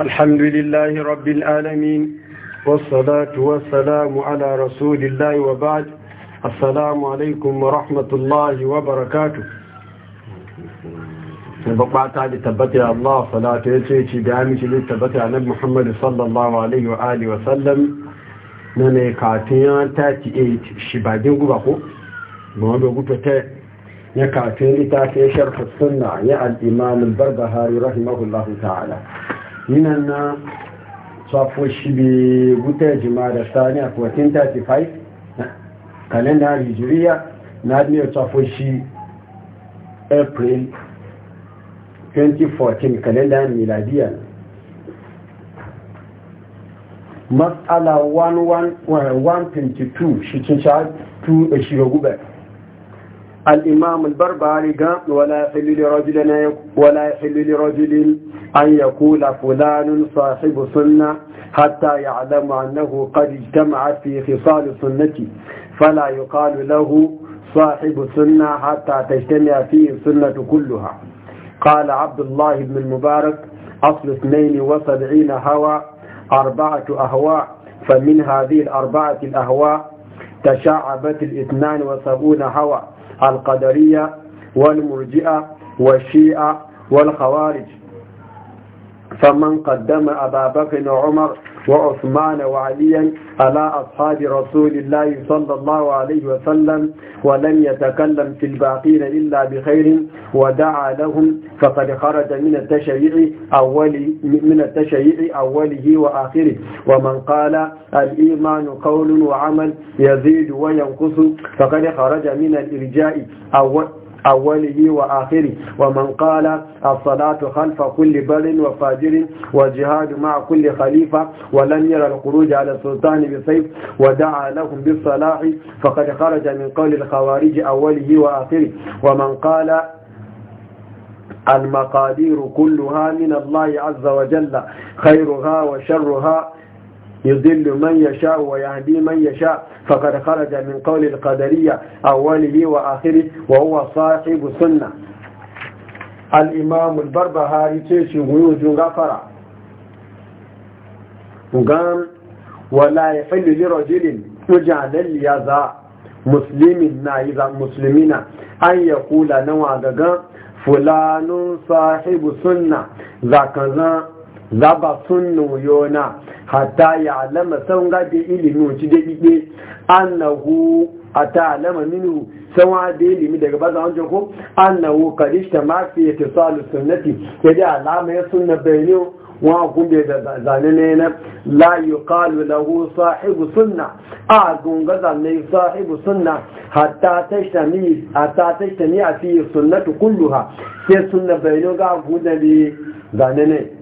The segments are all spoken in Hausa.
الحمد لله رب العالمين والصلاة والسلام على رسول الله وبعد السلام عليكم ورحمة الله وبركاته بقعت تعالي تبتي الله صلاة يتيتي بعمش لتبتي نبي محمد صلى الله عليه وآله وسلم نمي كاتيان تاتي ايت شبادين قبقو مهما قلت تاتي ya kafin littafin sharh sunna ya al-imam al-barbahari minan na safo shi bi guta jima da sani a 1435 kalenda hijiriya na ne safo shi april 2014 kalenda miladiya matsala 122 shi cin 2 da shi ga gubar الإمام البربري قال ولا يحل لرجل ولا يحل لرجل أن يقول فلان صاحب سنة حتى يعلم أنه قد اجتمع في خصال سنتي فلا يقال له صاحب سنة حتى تجتمع فيه السنة كلها قال عبد الله بن المبارك أصل 72 هوى أربعة أهواء فمن هذه الأربعة الأهواء تشعبت الاثنان وسبعون هوى القدرية والمرجئة والشيعة والخوارج فمن قدم أبا بكر وعمر وعثمان وعليا على أصحاب رسول الله صلى الله عليه وسلم ولم يتكلم في الباقين إلا بخير ودعا لهم فقد خرج من التشيع أول من التشيع أوله وآخره ومن قال الإيمان قول وعمل يزيد وينقص فقد خرج من الإرجاء أول أوله وآخره ومن قال الصلاة خلف كل بر وفاجر والجهاد مع كل خليفة ولم يرى الخروج على السلطان بسيف ودعا لهم بالصلاح فقد خرج من قول الخوارج أوله وآخره ومن قال المقادير كلها من الله عز وجل خيرها وشرها يضل من يشاء ويهدي من يشاء فقد خرج من قول القدرية أوله وآخره وهو صاحب السنة الإمام البربهاري تيشي غيوز غفرة وقام ولا يحل لرجل وجعل اليذا مسلمين إذا مسلمين أن يقول نوع فلان صاحب سنة ذاك ذا zaba sunnu yona hatta ya alama sun gabe ilimin ci da ɗiɗe annahu a ta alama minu sanwa da ilimi daga baza wajen ko annahu karishta mafi ya tisalu sunnati ya da alama ya sunna bayani wa gumbe da zane ne na la yuqalu lahu sahibu sunna a gunga zane sahibu sunna hatta tashtami hatta ni a fi sunnatu kulluha sai sunna bayani ga gudabe zane ne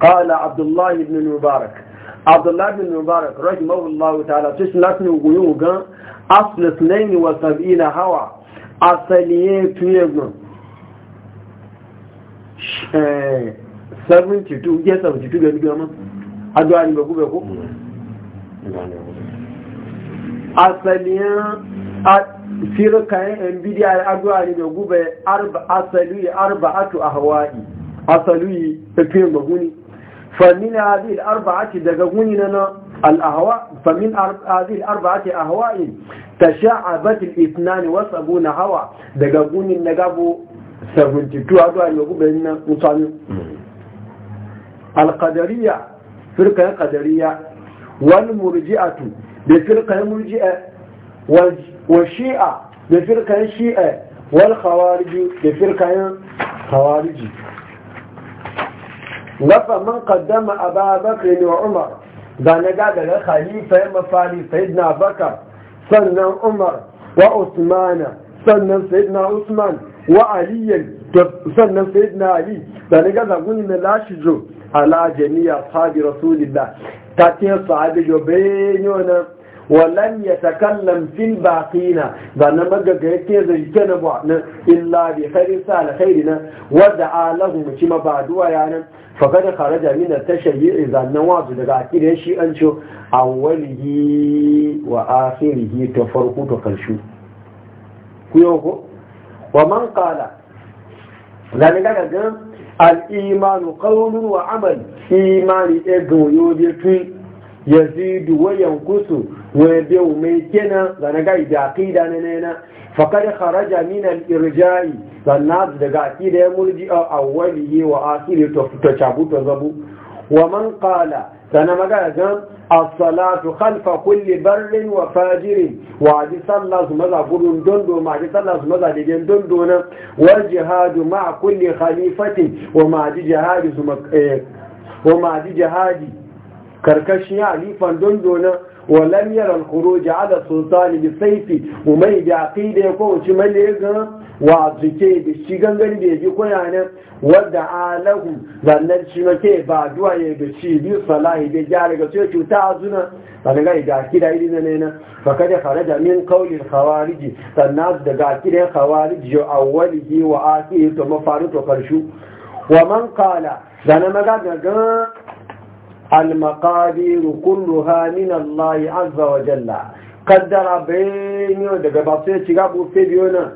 قال عبد الله بن المبارك عبد الله بن المبارك رحمه الله تعالى تشلاتني وغيوغا أصل 72 هوا أصلية تيغن 72 yes 72 gani gama addu'a ni bagu bagu asaliyan firkayen yan bidiyar addu'a ni bagu bai asali arba'atu ahwa'i asali tafiyan bagu ne فمن هذه الأربعة دقوننا الأهواء فمن هذه الأربعة أهواء تشعبت الإثنان وصبون هوا دقون النقاب 72 هذا يقول بإننا نصنع القدرية فرقة قدرية والمرجئة بفرقة مرجئة والشيئة بفرقة شيئة والخوارج بفرقة خوارجي nafa man qaddama aba bakr wa umar da na ga daga khalifa ya sayid na bakar sannan umar wa usmana sannan na usman wa da sannan na ali da na ga zagun na lashi jo ala jami'a sahabi rasulillah ta ce sahabi yi bayyana Walan yana kallon filin baƙi na. Zannan, ban ga garke son kaina ba'an nan. Ilaaliyya karin sa na kai ni na. Wanda an lahumu cimma ba a duwaye nan. Fakar da kare jami'in na tashar yin rizannin daga akwinin shi an co. Awuwar riga wa asirin ta farko ta ƙarshe. Ku yau ko, wa man kala, zan yi kar ka ga al'imani karon nunwar Amadu shi yi imanin ego ya yi yazidu wa yankusu wa bi mai kenan zana ga da aqida ne ne na faqad kharaja min al irja'i sannan daga aqida ya murji'a awwali wa akhiri to to chabuto zabu wa man qala sana maga as-salatu khalfa kulli barrin wa fajirin wa ji sallah maza gudun dondo ma ji sallah maza diden dondo na wa jihadu ma kulli khalifatin wa ma ji jihadu eh, wa ma ji jihadi karkashin halifan dondonan lamiyar yara ji ala sultani da saifi umai bi da ya kowace mai ga wa zuke da shi gangan da ji kuyanan wadda alahu zannan shi make ba duwa ya da shi bi salahi da gyara ga sai cuta a daga ga da aqida irin ne na fa kada da min qawli khawariji sannan daga aqida khawariji biyu wa akhirihi to mafarin to karshu wa man kala zanama magana ga المقادير كلها من الله عز وجل قدر بيني daga ba sai shiga bufe biyo nan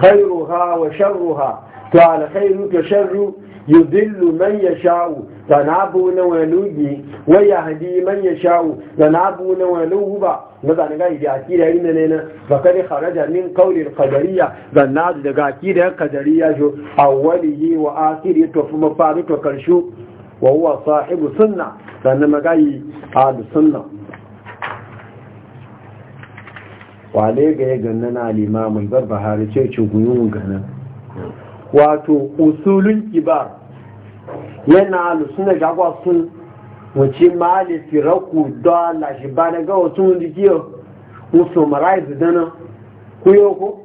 khairuha wa sharruha to al khairu to sharru yudillu man yasha'u tanabu na walugi wa yahdi man yasha'u tanabu na waluba nazan ga idi akida yin ne na fa kad kharaja min qawli al qadariyya zanna daga akida qadariyya jo awwalihi wa akhirihi to fa faru to karshu wa huwa sahibu sunna sannan magayi da sunna wale ga ya ganna na zarba hari ce ce guyun gana wato usulun kibar yana alusuna jagwa sun wace malifi raku dala shi ba na ga wasu wani kiyo musu maraizu dana kuyo ko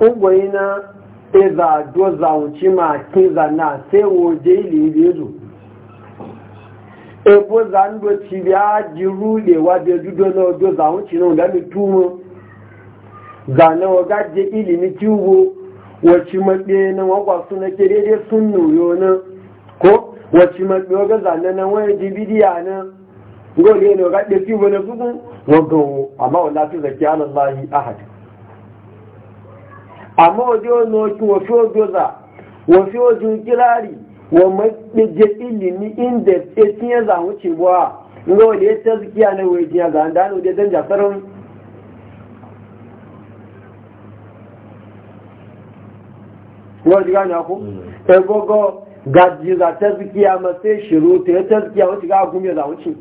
ugwai na eza doza wuce ma kinza na sai woje ili zo ebo za ndo ci bi a ji rule wa biya judo na ojo za wuce na ga mi tumo za na waga je ilimi tiwo wace mabe na wagwa suna ke daidai sun nuyo na ko wace mabe waga za na na wani ji bidiya na gole ne waga ɗe tiwo na sukun waga amma wala tu zaki alallahi ahad amma waje wani wakin wafi odoza wafi wajen kirari wa maɗaje ilimi inda ya cinye zamu cewa nga wani ya tazkiya na wajen ya zan dano da zan jasarar wani gani ku mm. ebogo gaji za shiru ta ya ga gumi za wuce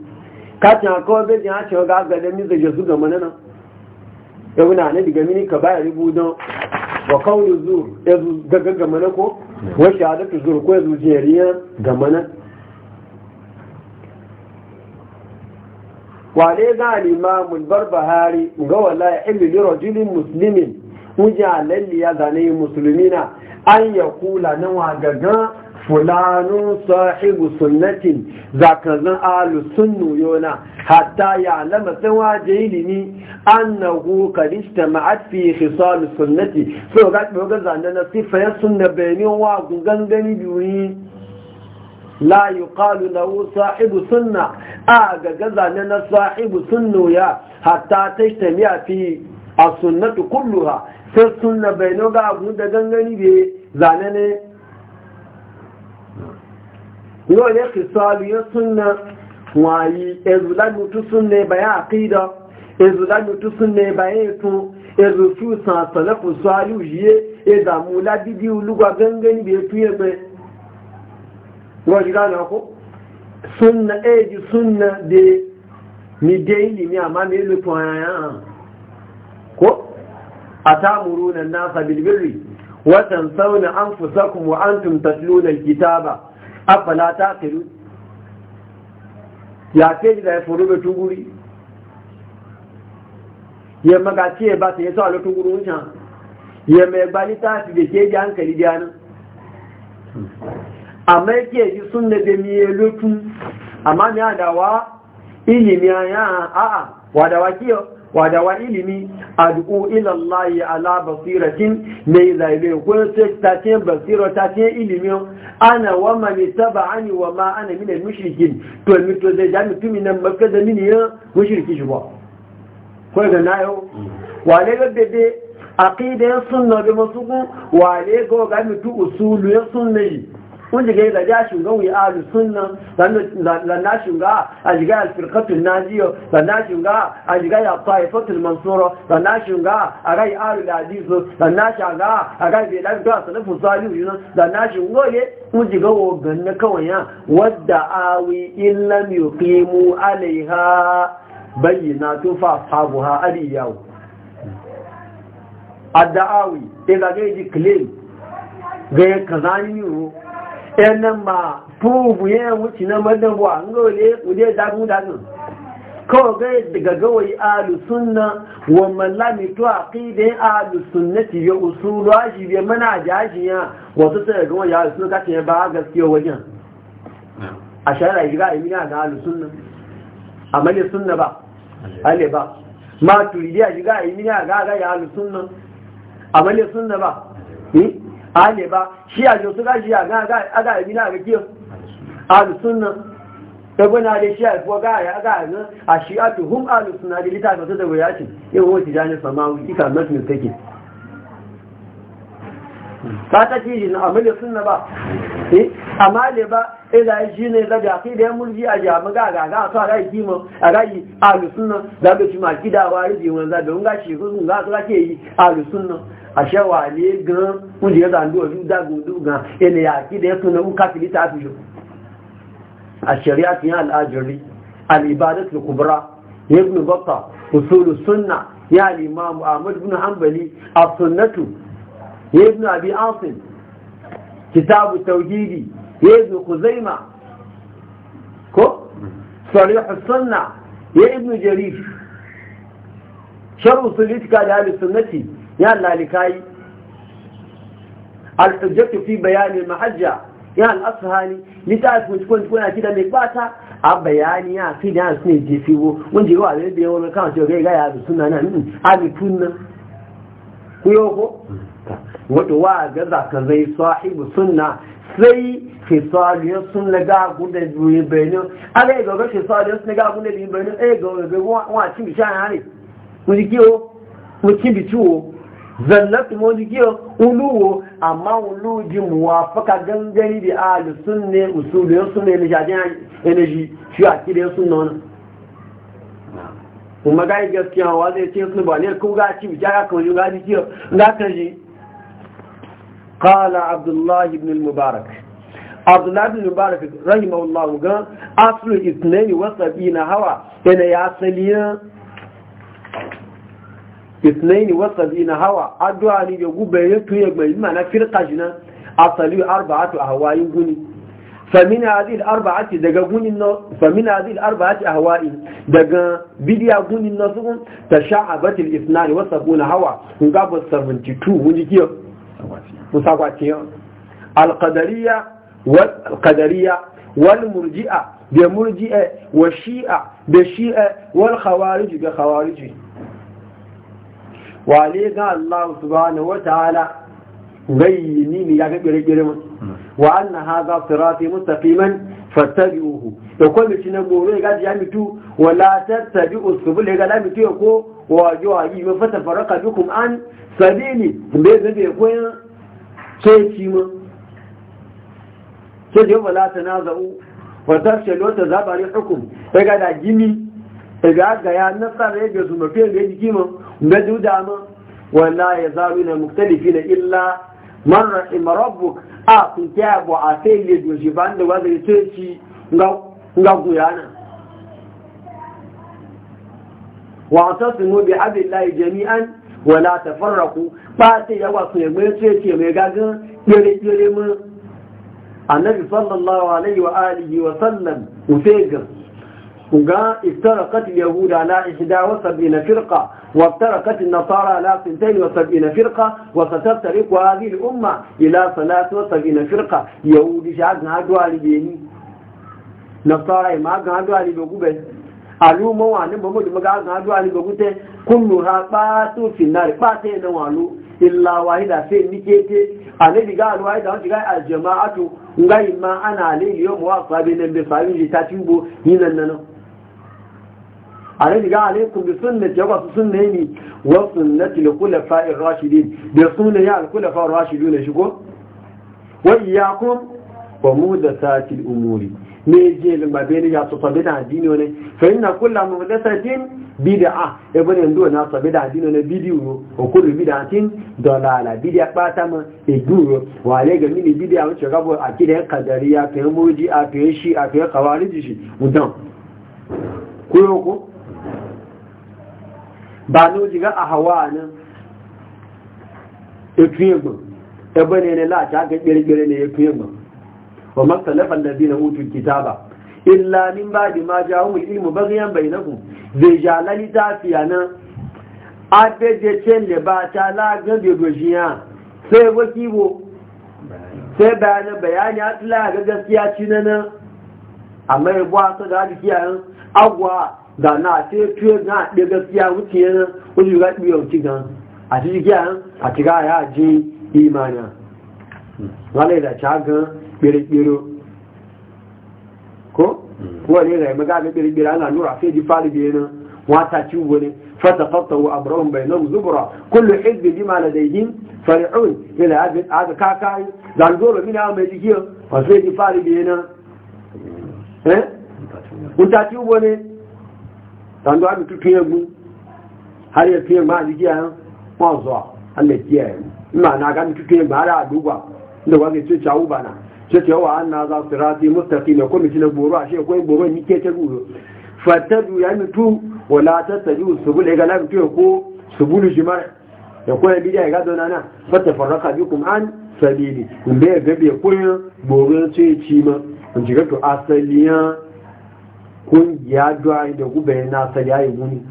katin akawai bai jin hacin ga gada mizu jesu ga na e ne mini ka rubu don wa kawo zuru ya daga gamana ko wa shahadatu zuru ko ya zujeriya gamana Wa wale nima mulbar bahari ga wala ya ilmi li rajulin muslimin wujalalli ya zane musulmina an ya kula na gaggan fulanun sahibu sunnatin zakazan alu sunnu yona hatta ya lama san waje ilimi annahu kadista ma'at fi khisal sunnati so ga ga zanna na sifa sunna bayani wa gangani biyu la yuqalu lahu sahibu sunna a ga gaza ne na sahibu sunnu ya hatta tashtamiya fi as-sunnatu kulluha sai sunna bayano ga abu da gangani be zanane yau ne kisalu ya sunna wayi ezula mutu sunne baya aqida ezula mutu sunne baya eto ezu su san salafu salu yiye e da mu la didi ulugwa gangani be tuye be wa jiga na ko sunna e ji sunna de mi de ilimi amma me lo to ya ko atamuruna an-nasa bil birri wa tansawna anfusakum wa antum tatluna al-kitaba afala ta kiru ya ke da ya furu da tuguri ya magaci ya ba su ya sa da tuguri wucin ya mai gbali ta fi da ke ji hankali da yanin amma yake ji sun da da miye lotu amma ni adawa ilimi a yana a'a wadawa kiyo wada wa ilimi ad'u ila Allah ala basiratin ne zaire ko sai ta ce basira ta ce ilimi ana wa man tabani wa ma ana min al-mushrikin to mi to zai da mutumi nan makka da mini ya eh, mushriki shi ba ko da nayo wa ne ga bebe aqida sunna da masuku wa ne ga ga mutu usulu ya sunna wanda ga da ya shuga wi ahlu sunna dan na shiga a shiga al-firqatul najiyo dan na shiga a shiga ya taifatul mansura dan na shiga a rai ahlu hadith dan na shiga a rai bi dan da salafu salihu yun dan na shiga ye mun jiga wo ganna kawai ya wadda awi illam yuqimu alaiha bayyinatu fa ashabuha aliyahu adda'awi idan ga yi claim ga kazani yuro ẹnà ma fúrùbù ya wuce na mọ́dánwò à ń gọ́ọ̀lẹ́ òdé dágúndágún kọ́ọ̀gẹ́ gagawai alùsúnna wọ́n mọ̀lámi tó àkídẹ́ alùsúnna ti yọ òsúrò áṣìbẹ̀ mọ́nà àjáṣìyà wasu alusunna gaskiyar wajen a na alusunna a mẹ́lẹ̀ súnna ba alẹ́ ba ma tùrìdí a yi ga ya alusunna a ba hmm? ale ba shi a josu ga shi a ga ibi na ga kiyo alusunna da shi a kuwa ga ya ga ga a shi a tuhum alusunna da littafi da wuya ce yin wuce jani samawu ika masu mistake ba ta ce jina amma da sunna ba eh, amma da ba ila eh, yi shi ne zabi a kai da yan mulki a jami ga ga ga su a rai kima a rai alu sunna za ka ci maki da wa rubi wani zabi wani gashi sun ga su ke yi alu sunna a shawa le gan wanda eh, ya zandu wa da gudu gan ina ya ki da ya suna uka filita fi shi a shari'a tun yi al'ajiri al'ibadat da kubra ibn bakka usul sunna ya al-imam ahmad ibn hanbali as-sunnatu ya ibn abi kitabu tauhidi ya ibn ko sarih sunna ya ibn jarir sharh sulitika da ahli sunnati ya lalikai al-hujjatu fi bayan al-mahajja asfahani litaf mun kun kuna kida mai bata a bayani ya fi da su ne ya mun ji wa da biyo mun kan ce ga ya sunna nan hmm. a bi tunna ku yo ko wato wa ga zaka zai sahibu sunna sai fisaliyar sun na ga gunda biyu bayanin ala ga ga fisaliyar sun na ga gunda biyu bayanin ai eh, ga ga wa cin bishan hare mu ji kiyo mu cin biciwo zallatu mu ji kiyo uluwo amma uluji muwafaka gangani da ahli sunne usuliyar sunne ne jajin energy shi a kidiyar sunna wannan kuma ga yi gaskiya wa zai ce sun ba ne ko ga cin bishan ga kan yi ga ji kiyo ga kan ji قال عبد الله بن المبارك عبد الله بن المبارك رحمه الله قال أصل اثنين وسبعين هوا أنا يا سليم اثنين وسبعين هوا أدعى لي يقول يتويق من المعنى فرقة جنا أصلي أربعة أهواء يقولي فمن هذه الأربعة دقا قوني النص فمن هذه الأربعة أهواء دقا بديا قوني النص تشعبت الاثنان وسبعون هوا ونقابل 72 ونجيكيو musagwatiyan alqadariya wal wal murji'a da murji'a wa shi'a da shi'a wal khawarij da khawarij wale ga Allah subhanahu wa ta'ala gayyini ne ya ga gire-gire wa anna hadha sirati mustaqiman fattabi'uhu to ko mi cinan gore ga ya mitu wala tattabi'u subul ga la mitu ko wa jo yi mafata faraka bikum an sabili be zabe koyan sai ci ma sai yau wala ta na za'u wata shalo ta zabarin hukum ya ga da gini ga ga ya nasara ya ga su mafi ga jiki ma ga juda ma wala ya zaru na muktalifi na illa man rahim a kun kya bo a sai le do shi ban da wazai sai ci ga ga guyana wa atasimu bi hablillahi jami'an wala ta farraku ba ta yawa su ya mai ce ce mai gagin ɗere-ɗere mu annabi sallallahu alaihi wa alihi wa sallam ufegin ga iftarakat yahuda la ihda wa sab'ina firqa wa iftarakat katin nasara la sintain wa sab'ina firqa wa satatariqu hadhihi al-umma ila salati wa sab'ina firqa yahudi sha'an hadu alibeni nasara ma ga hadu alibe gube alumon wani mamadu maga azan adu'a ni bagute kullu ha batu finnar bata yana walu illa wahida sai nikete anabi ga alwa da wani ga aljama'atu ngai ma ana alayhi yawm wa fa sabi nan bi sabi ni ta tubo yinan nan anabi ga alaikum bi sunnati wa sunnati ni wa sunnati al khulafa'i ar-rashidin bi sunnati al khulafa'i ar-rashidun e shigo wa iyyakum wa muhdathatil umuri me je lingba be ni ya so fa bida addini ne fa inna kullu muhdathatin a e bane ndo na so bida addini ne bidiyo o kullu bid'atin dalala bid'a pata ma e duro wa ale ga mini bid'a wuce gabo akida qadariya ke muji a ke shi a ke qawariji shi mudan kuyo ko ba no diga ahwa nan e tuye gbo e bane ne la ta ga gbere gbere ne e tuye gbo wa masalafan ladina utul kitaba illa min ba'di ma ja'ahum ilmu baghyan bainahum zai jalali tafiya nan adeje cen da ba ta la bayani a tula ga gaskiya na nan amma agwa a kperekpero ko wani rai magaga kperekpero ana nura sai ji fari biye wata ci wani fata fata wa abrahun bai nan zubura kullu hizbi bi ma ladayhim fari'un ila aga kakai zangoro mina mai jikiyar wasu ji fari biye nan eh wuta ci wani tando abi tutun yagu har ya fiye ma jikiyar nan wọn zuwa allah kiyaye ma na ga a duba inda bana ce ce wa an na za su rati mustafi mai shi na goro a shi akwai goro ni ke ta goro fatadu ya mutu wala ta taju su bule ga lafi tuyo ko su bulu jimar ya kwaya bidiya ya gado na na fata farraka bi kuma an sabili kun bai gabe kuyin goro ce ci ma kun shiga to asaliyan kun ya duwa da gube na asaliya ya yi wuni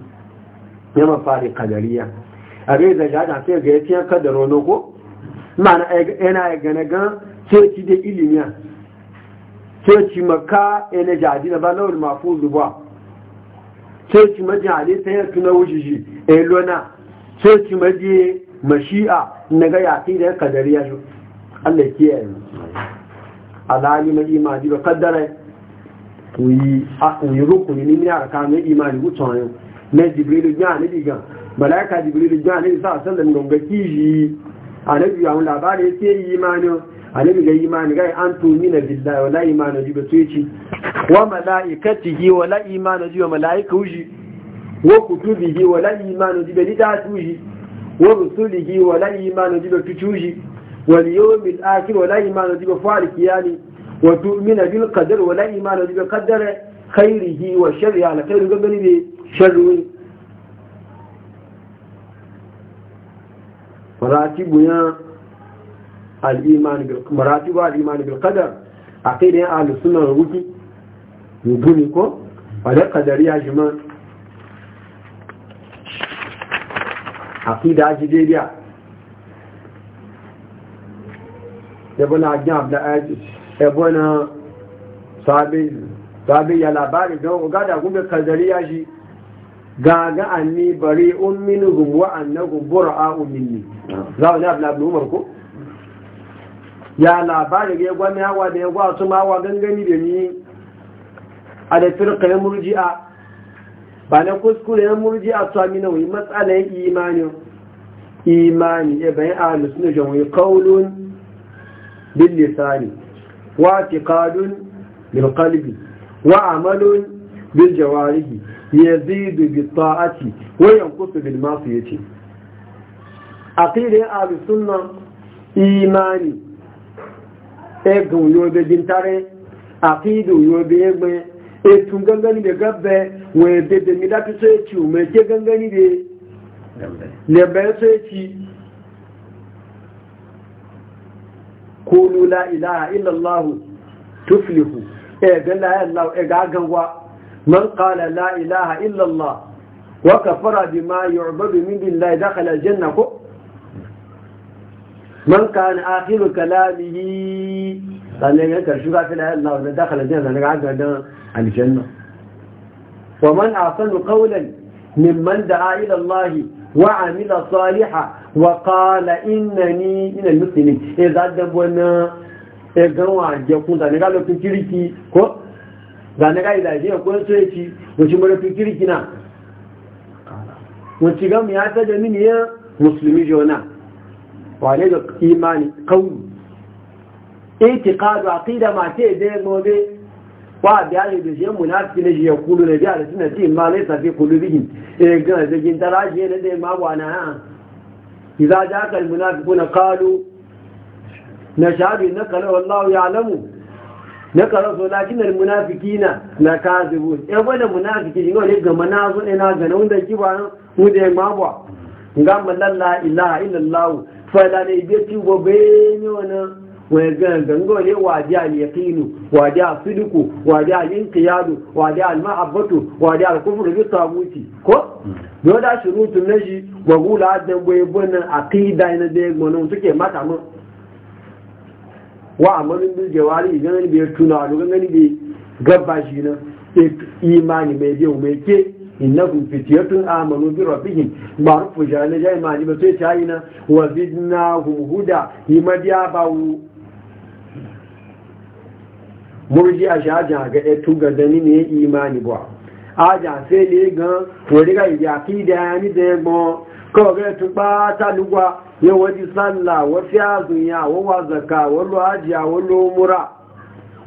ya fari kadariya a bai da jada sai ga ya fiye kadaro na ko ma'ana yana gane ganagan. coci da ilimiya coci maka yana jadi na wani mafi zuba coci hali ta yi tuna wujiji e lona coci maji mashi'a na ga yaƙi da ya kadari ya shi allah kiyaye alhali na imani ba kaddara yi rukuni ne mina ka mai imani wutan yi na jibrilu ya ne diga malaika jibrilu ya ne sa sallan gongaki shi a na biyu yawon labarai ya ce yi imani annabi ga imani ga an tumina billahi wala imani ji ba tuci wa malaikatihi wala imani ji wa malaikuji wa kutubihi wala imani ji ba litatuji wa rusulihi wala imani ji ba tuci wal yawmil akhir wala imani ji ba fariki yani wa tu'mina bil qadar wala imani ji ba qadara khairihi wa sharrihi ala khairu gani bi sharri Farati buyan al'imani bil maratibu al'imani bil qadar aqidan ahlus sunna wal wuki rubuni ko wala qadariya jima aqida jidediya yabona ajab da ayi yabona sabi sabi ya labari don gada gube qadariya shi gaga an bari'un minhum wa annakum bura'u minni zawo ne abla umar ko ya labarin ya gwani hawa da ya gwa su mawa gangani da ni a da firka ya murji'a ba na kuskure ya murji'a su amina wai matsalar imanin imani ya bayan a lusunan jami'ai kaulun bin lisani wa tikadun bin kalbi wa amalun ya jawarihi yazidu bit ta'ati wa yanqusu bil ma'siyati aqida ahlus sunnah imani egun yóò bẹ aqidu yobe egbe etun gangani da gabbe wai bebe mi dafi so yaci mai ke gangani da lebbe so yaci kulu la ilaha illallah tuflihu e, e, e ga la ilaha la ilaha illallah ko man kan akhiru kalamihi sannan ya karshe ga fi lahi Allah wanda dakhala janna daga gadan aljanna wa man ahsanu qawlan mimman da'a ila Allah wa amila salihan wa qala innani min al-muslimin e zadda bona e ganwa je kun da ne ga ko idaje ko so yaci na wuci ga mu ya ta da mini ya musulmi jona wane da imani a itiqadu aqida ma ce dai mobe. wa biya ne da shi munafiki ne shi ya kulu na biya da suna ci ma laisa fi qulubihim yi e, gina da gin tarashi ne zai ma wana ha haka munafi kuna kalu na nashhadu na kare wallahu ya lamu na karaso lakin al munafiqina la kadhibun eh wala munafiki shi ne na zo ne na gana wanda da kiba mu da ma ba ngam la ilaha illallahu. fala ne be ti go be ni wana wa ga gango ne wadi al yaqinu wadi al sidqu wadi al inqiyadu wadi al mahabbatu wadi al kufru bi tabuti ko do da shurutu naji wa gula da boye bona aqida ina de gbono suke mata mu wa amarin bil jawari ganin bi tuna ganin bi gabba shi na e, imani ke innahum fityatun amanu bi rabbihim ma'rufu jale jai ma yi bace tayi na wa zidnahum huda himadiya bawu murji a shaja ga e tuga dani ne imani ba aja sai le gan wori ga ya ki da ni de gbo ko ga tu pa ta lugwa ye wadi salla wa fi azunya wa ajiya wa mura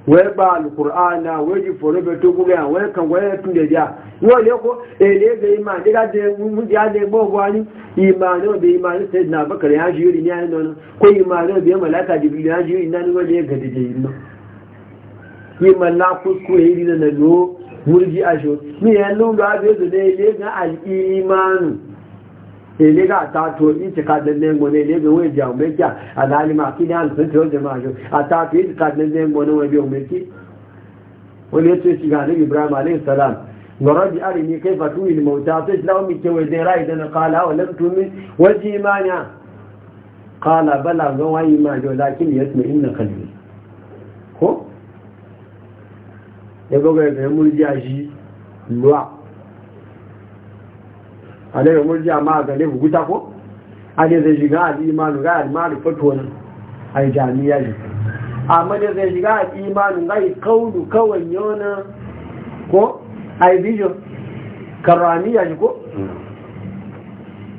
wee gba alukur'ana wee ji foro be to gugu yan wee kan wee tun de dia wo le ko e le be ima de ga de mu de ale bo bo ani ima no be ima ni sayyid na bakar ya ji yuri ni ani don ko oh, ima no be malaka jibril ya ji yuri nan wo le ga de de no ki malaku ko yi ri na no murji ajo mi ya lu ga be de le ga al imanu ele eh, ga ta to ni ti ka den ne le we ja a ja ma ni ma ki dan sun to de ma jo ata ti ka den ngo ne we bi o me ki o le ti ti ga ibrahim alayhi salam ورد أرني كيف توي الموتى أعطيت لهم التوزي رائدا قال ولم تؤمن وجه إيمانا قال بلى غوى إيمان ولكن يسمع إن Ko هو يقول لك يقول لك aji لك alayhi murji'a ma ga ne guta ko a ne zai shiga a imanin ga al-malu fatwan ai jami'a ne a mada zai shiga a imanin ga kaulu kawai yana ko a ai bijo karamiya ne ko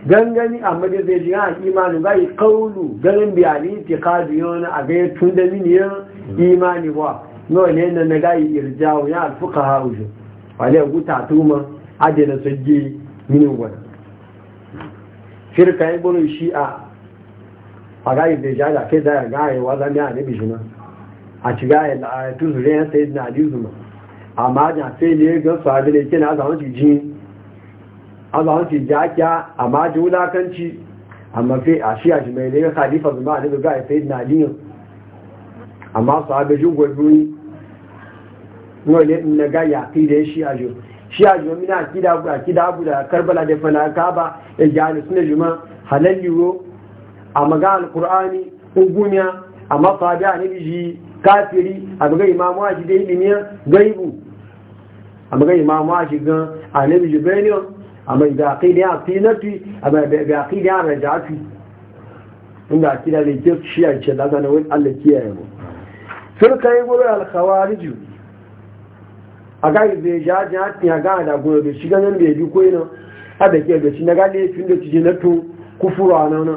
gangani a mada zai shiga jiya imani bai kaulu ganin biyani ke kadu yana a gaya tun da miniyan imani wa nawa ne na na gayi irjawo ya alfuka haujo wale guta tuma adina sojje minin gwada firka yi gudun shi a a bai da kai ke yarga a wa zami a anabi juna a ci gayi a tu zuri yan sai na ali zuma a ja sai ne ga su abi ne na azawon ci jini azawon ci ji jakiya amma ji wulakanci a mafi a shi a mai ne ga khalifa zuma a nabi gayi sai na ali amma su abi ji gwagwuni wani na gayi a kai da shi a juna shi a jomi na akida abu akida abu da karbala da fana ba ya ji hannu suna juma halal yiwo a maga alkur'ani ugumiya a mafabi a nabi ji kafiri a maga imamu a shi da ilimiya gaibu a maga imamu a shi gan a nabi ji benin a mai da akidi a finatu a mai da akidi a rajatu inda akida da ke shi a ce lazana wani ya yi mu sun kai wurin agaghị bụ eji aja atị aga ada gwụrụ edochi ganye mba eji kwe nọ a bekee edochi e e na gada efi ndochi ji netu kwufuru anọ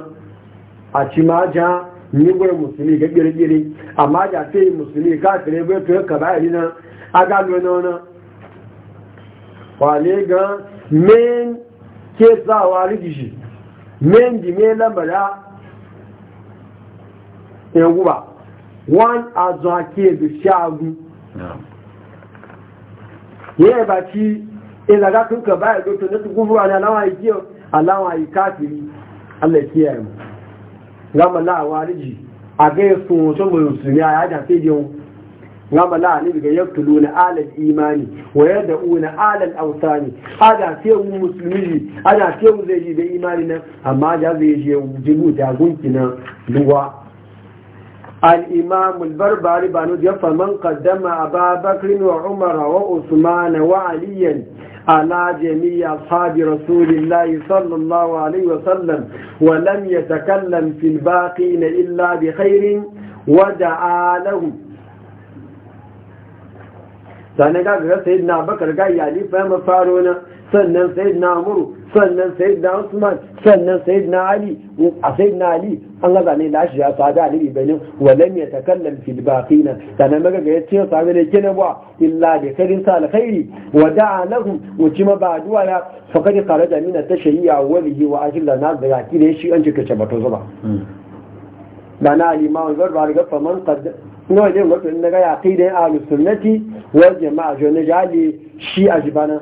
achimaja n'igwe musulmi ga kpirikpiri amma aja fe musulmi kafin ebe eto kaba bayani na agalu n'ọnụ wale ga main kesawa rigishi main di main lambara ewu ba one ake edochi agụ yẹ́ bá tí ìlàgá tó kà báyìí ló tó ní tó gúrú àwọn aláwọ̀ àyíkí aláwọ̀ àyí káàkiri ẹ̀ mọ̀ àwọn àríjì àgẹ́fún sọ́gbọ̀n òsìnrí àyájà fèdè tó lónà imani wọ̀yẹ́ da una alẹ́ autani ajá tí musulmi yìí ajá tí zai yi da imani na amma ajá zai yi da gunki na al’imamu barbari ba nuji ya faman kaddama a babakirin wa umara wa usmanu wa aliyan alajaniya sabi rasulillahi sallallahu alaihi wasallam wa lam ya takallam fil baki na illa bi khairin wa da'alahu sannan ga ga sayi na bakar gaya ne faimafaro na sannan sayi na muru sannan sai na Usman sannan sai na Ali a sai na Ali an gaza ne da ya ya sada Ali ibn walam yatakallam fil baqina kana maga ga yace sabe ne kina ba illa bi khairin sal khairi wa da'a lahum wuci ma ba duwa ya faqad kharaja min at-tashayyi walihi wa ajilla na da yaki ne shi an cika bato zuba hmm. da na Ali ma zan ba ga faman qad no ne mutum daga yaqidin ahlus sunnati wal jama'a jona jali shi ajibana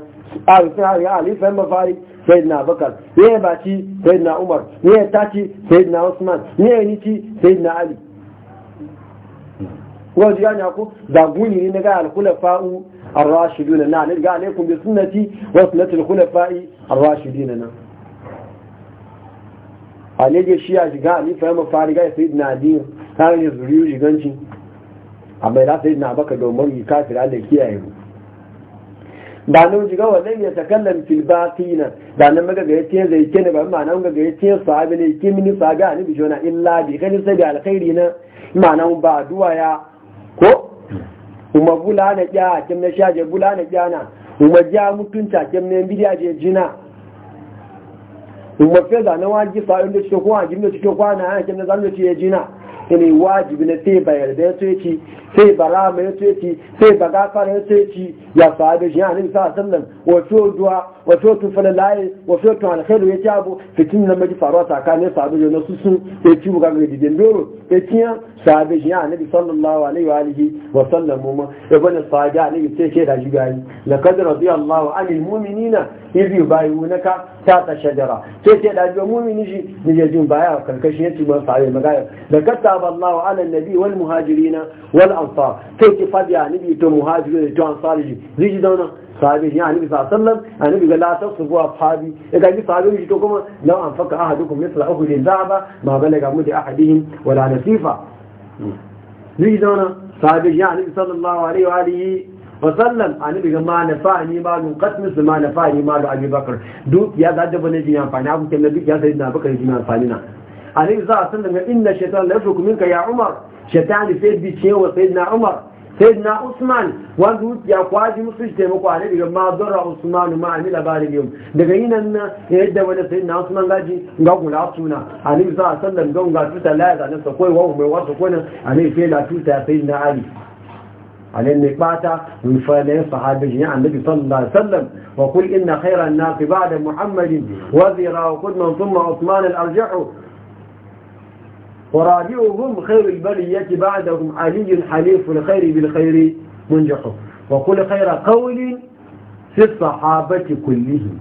a ya ali sai mafari sai na bakar ne ya baci sai na umar ne ya taci sai na usman ne ya Niki sai na ali ko ji ganya ko da guni ne ga al-khulafa'u ar-rashidun na ne ga alaikum bi sunnati wa sunnati al-khulafa'i ar-rashidin na alege shi ya shiga ali fa mafari ga sayyidina ali kan ne zuriyu shiganci amma da sayyidina abaka domin kafir Allah kiyaye mu da nan jiga wannan ya takallam fil batina da nan maga ga tiyan zai ne ba ma nan gaya su sahabi ne ke mini sahabi ani bi shona illa bi kan sai da alkhairi na ma nan ba duwa ya ko kuma bula na kya kin na shaje bula na kya na kuma ja mutunta kin ne bidiya je jina kuma fe da nan waji fa'in da cikin ko waji da cikin kwana kin na zan da ya jina sai wajibi na sai ba yarda ya ci, sai ba rama ya ci, sai ba gafara ya ci, ya sahabe shi annabi sallallahu alaihi wasallam wato duwa wato tun layi, wato tun alkhairu ya ci abu fitin na maji faruwa tsakanin sahabe na su sun ya ci buga ga didin doro ya ci ya sahabe shi annabi sallallahu alaihi wa alihi wa sallam mu ya bane sahabe annabi sai ke da shi gani laqad radiyallahu anil mu'minina izi bayi wunaka ta ta shajara ke ce da jiwa mumini shi da ya jin baya karkashin ya ci ban fare magaya da kata ba Allah wa ala nabi wal muhajirina wal ansar kai ki fadi a nabi to muhajirin to ansar ji zai ji dauna sahabi ya annabi sallallahu annabi ga la tasbu ashabi idan ki sahabi shi to kuma law an faka ahadukum mithla uhudin zaba ma balaga mudi ahadihim wala nasifa zai ji dauna sahabi ya annabi sallallahu alaihi wa alihi wasallam a nabi ga manafa ni malu qatmis manafa ni malu abi bakar dukiya za da bane jin amfani abu na dukiya sai na bakar jin amfani na alayhi za san daga inna shaytan la yafruku minka ya umar shaytan sai bi ce wa na umar sai na usman wa dukiya kwaji musu shi taimako a nabi ga ma usman ma amila barin yau daga yi yinan na yadda wani sai na usman gaji ga kula suna a alayhi za san daga ga tuta la ya zanin sa koi wa mai wasu a alayhi sai la tuta sai na ali عليه نقاطة ويفعل صحابي النبي صلى الله عليه وسلم وقل إن خير الناس بعد محمد وزيرا وقل من ثم عثمان الأرجح ورابعهم خير البلية بعدهم علي الحليف الخير بالخير منجح وقل خير قول في الصحابة كلهم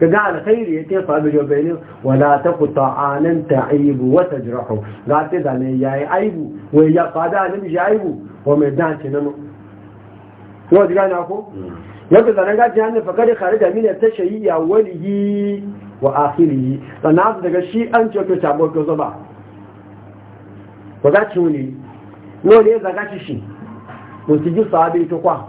كجعل خير يأتي صحابة جوابينه ولا تقطع عانا تعيب وتجرح لا إذا يا عيب ويا قادة أنا مش عيب نمو yau gane ku yadda zanen gajiya hannun fakari kare da mina ta shayi ya walihi wa akhirihi sannan su daga shi an ce to shabo ko zoba ko ga ci wuni no ne za ga ci shi Mun ci ji sahabi to kwa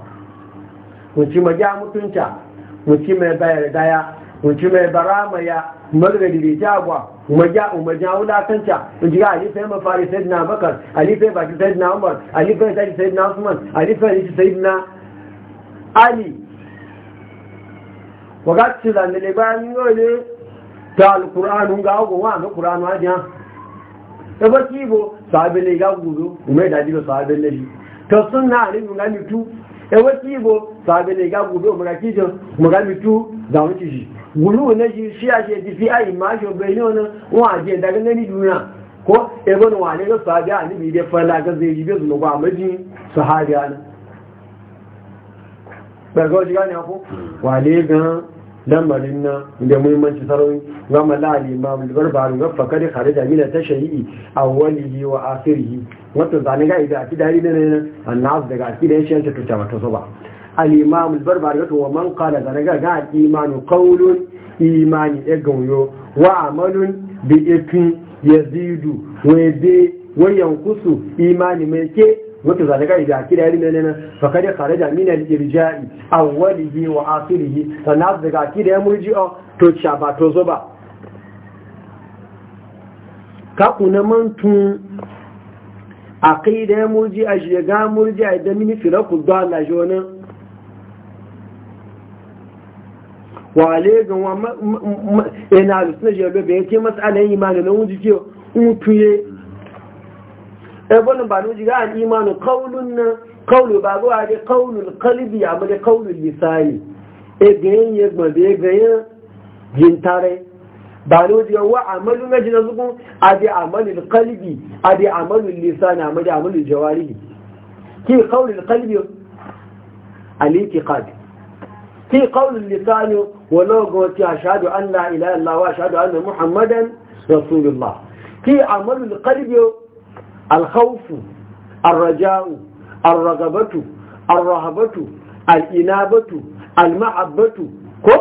Mun ci ma ja mutunta ko ci mai bayar daya Mun ci mai barama ya magana da jagwa umarja umarja wulatanta in ji ga alifai mafari sayyidina bakar alifai baki sayyidina umar alifai sayyidina usman alifai Na. ali wakati da ne bayan yole ta alqur'anu ga go wa na qur'anu ajiya da ki bo sahabe ne ga gudu umai da sa sahabe ne shi to sunna ne mun ga mitu e ki bo sahabe ne ga gudu mun ga kijin mun ga mitu da wuce shi gulu ne shi shi a ce fi a ma jo obe ne wa je daga ne ni duniya ko e ni wa ne ga a ani bi da fala ga zai yi bezu no ba maji sahabe ne daga wajen gane ku wale gan lamarin na da muhimmanci sarari gama la'ali ma bulgar baru ga fakari kare da mina ta shari'i a walihi wa asirihi wato zane ga idan aki dari da nan annas daga aki da shi ta tuta wata zuba al-imam al-barbari wato wa man qala zane ga ga imanu qawlun imani e gauyo wa amalun bi ikin yazidu wa bi wa yankusu imani mai ke wata zalika idan akira yari nan nan fa kare kharaja min al-irja'i awwalihi wa akhirihi fa na zaga akira yari to cha ba to zo ba ka kuna mantun tun akida yari murji a shiga murji a idan mini firaku da la jona wa alaikum wa ma ina lusna jabe be yake masalan imani na wuji ke mutuye ابن بانو جيغا الايمان قول قول باغو ادي قول القلب يا مدي قول اللسان اجين يغم دي غين جنتاري بانو جيغا وعمل نجن زكو ادي عمل القلب ادي عمل اللسان ادي عمل الجوارح كي قول القلب الاعتقاد في قول اللسان ولو قلت اشهد ان لا اله الا الله واشهد ان محمدا رسول الله في عمل القلب alkhawfu arraja'u arragabatu arrahabatu al'inabatu almahabbatu ko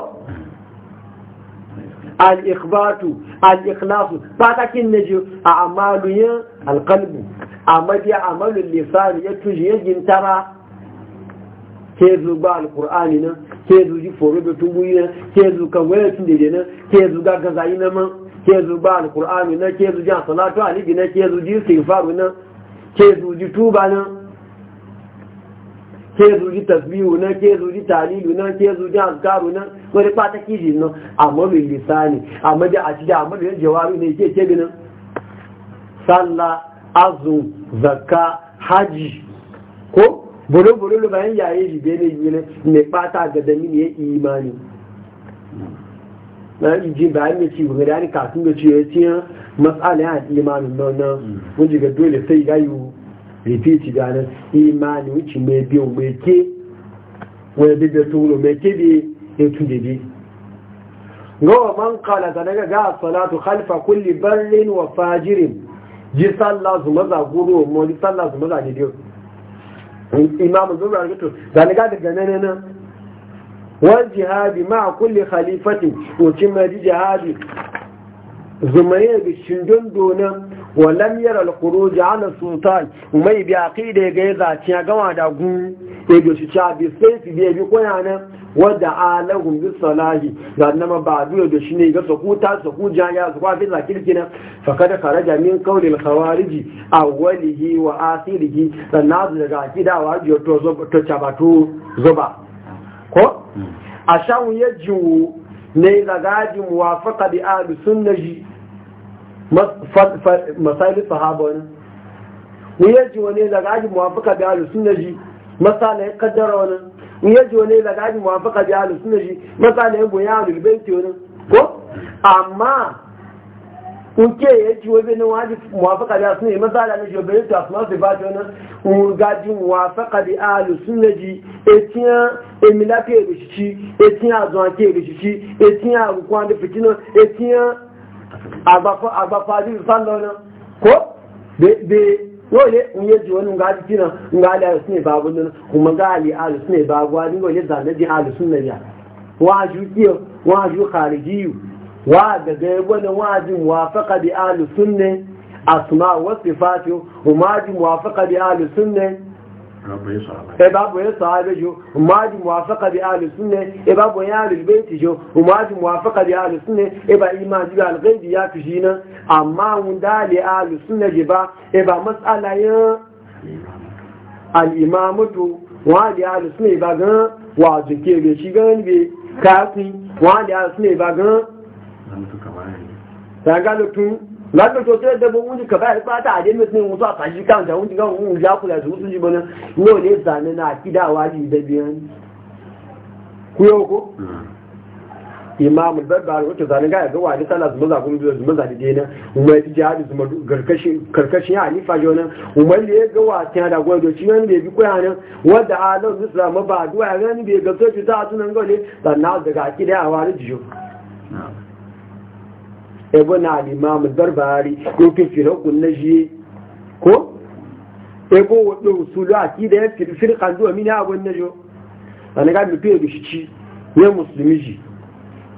al'ikhbatu al'ikhlasu patakin na ji a amaluyin alkalbu a mafiya amalin lissani ya tuji ya gintara ke zuba alkur'ani nan ke zuji foro da tubu yi nan ke zuka wayar tun da nan ke zuga gazayi na man ke zu ba alkur'ani na ke zu jan salatu alibi na ke zu ji istighfaru na ke zu ji tuba na ke zu ji tasbihu na ke zu ji talilu na ke zu ji azkaru na wani ba ta kiji na amma mai lisani amma da a cikin amma da jawabi ne ke ke ginin sallah azu zakka haji ko buru-buru bayan yayin shi bene yi ne mai bata ga damini ya imani na iji bayan da ci ga dani kafin da ci ya tiya matsala ya imanin nan na wani mm. ga dole sai ga yi repeat ga nan imani wuce mai biyu mai ke wani bibiyar tulo mai ke bi ya tunde bi gawa man kala ta daga ga salatu khalfa kulli barrin wa fajirin ji sallah su maza guru mo ji sallah su maza ne biyu imamu zuwa ga to ga daga nan nan wal jihadi ma kulli khalifatin mutum ma jihadi zumaye da shindon donan walam yara al-khuruj ala sultan mai bi aqida ga ya zaci gama da gun ya ga shi cha bi sai su bi bi koya nan wada alahum bi salahi da nan ba biyo da shi ne ga sakuta sakuja ya su kwa fi zakirki nan fa kada kharaja min qawli al-khawarij awwalihi wa akhirihi dan daga aqida jiyo to zo to chabato zuba ko hmm. a shawun ya jiwo ne zagajin wafaka da abu sun na ji masali sahaba wani wuyar jiwo ne zagajin wafaka da ahalu sun na ji masalayin kaddara wani wuyar jiwo ne zagajin wafaka da ahalu sun na ji ya goya ahalu baiti wani ko amma nke ya ci wabe na wani muwafaka da suna yi matsala na jobe ta su masu ba ta wani gaji muwafaka da ahalu sun na ji etiyan emila ke rishici etiyan azuwa ke rishici etiyan agukwa da e fitinan etiyan agbafadi sanda wani ko be yole in ya ji wani gaji tina ngali ahalu sun ne babu nan kuma gali ahalu sun ne babu wani yole zanaji ahalu sun na ya waju kiyo waju kharijiyu wa gaga ya wani wajin wafaka bi ahli sunne asma wa sifatu umajin wafaka bi ahli sunne e babu ya sahabe jo umajin wafaka bi ahli sunne e babu ya ahli baiti jo umajin wafaka bi ahli sunne e ba imaji bi alghaibi ya fi na amma mun dali ahli sunne je ba e ba mas'ala ya al-imamatu wa li ahli sunne ba ga wa ke be shi ni be kafin wa li ahli sunne ba ga. sàgálò tún lábẹ́ tó tẹ́lẹ̀ dẹ́gbọ́n oúnjẹ kẹfà ẹ̀rí pátá àdémẹ́sí ní oúnjẹ babbar wato ga kuma zuwa da dena umar ji jihadi zuma karkashin ya halifa jonan umar da ya ga wata da gwado shi nan bai bi koya nan wadda islam ba duwa ya gani bai ga soci ta tunan gole sannan daga jiyo ebe na alimamu darbari yake firakun na shi ko ebo wadda usulu a ti da ya firkan zuwa mini abin na jo a na gami fiye da shi ci ya musulmi ji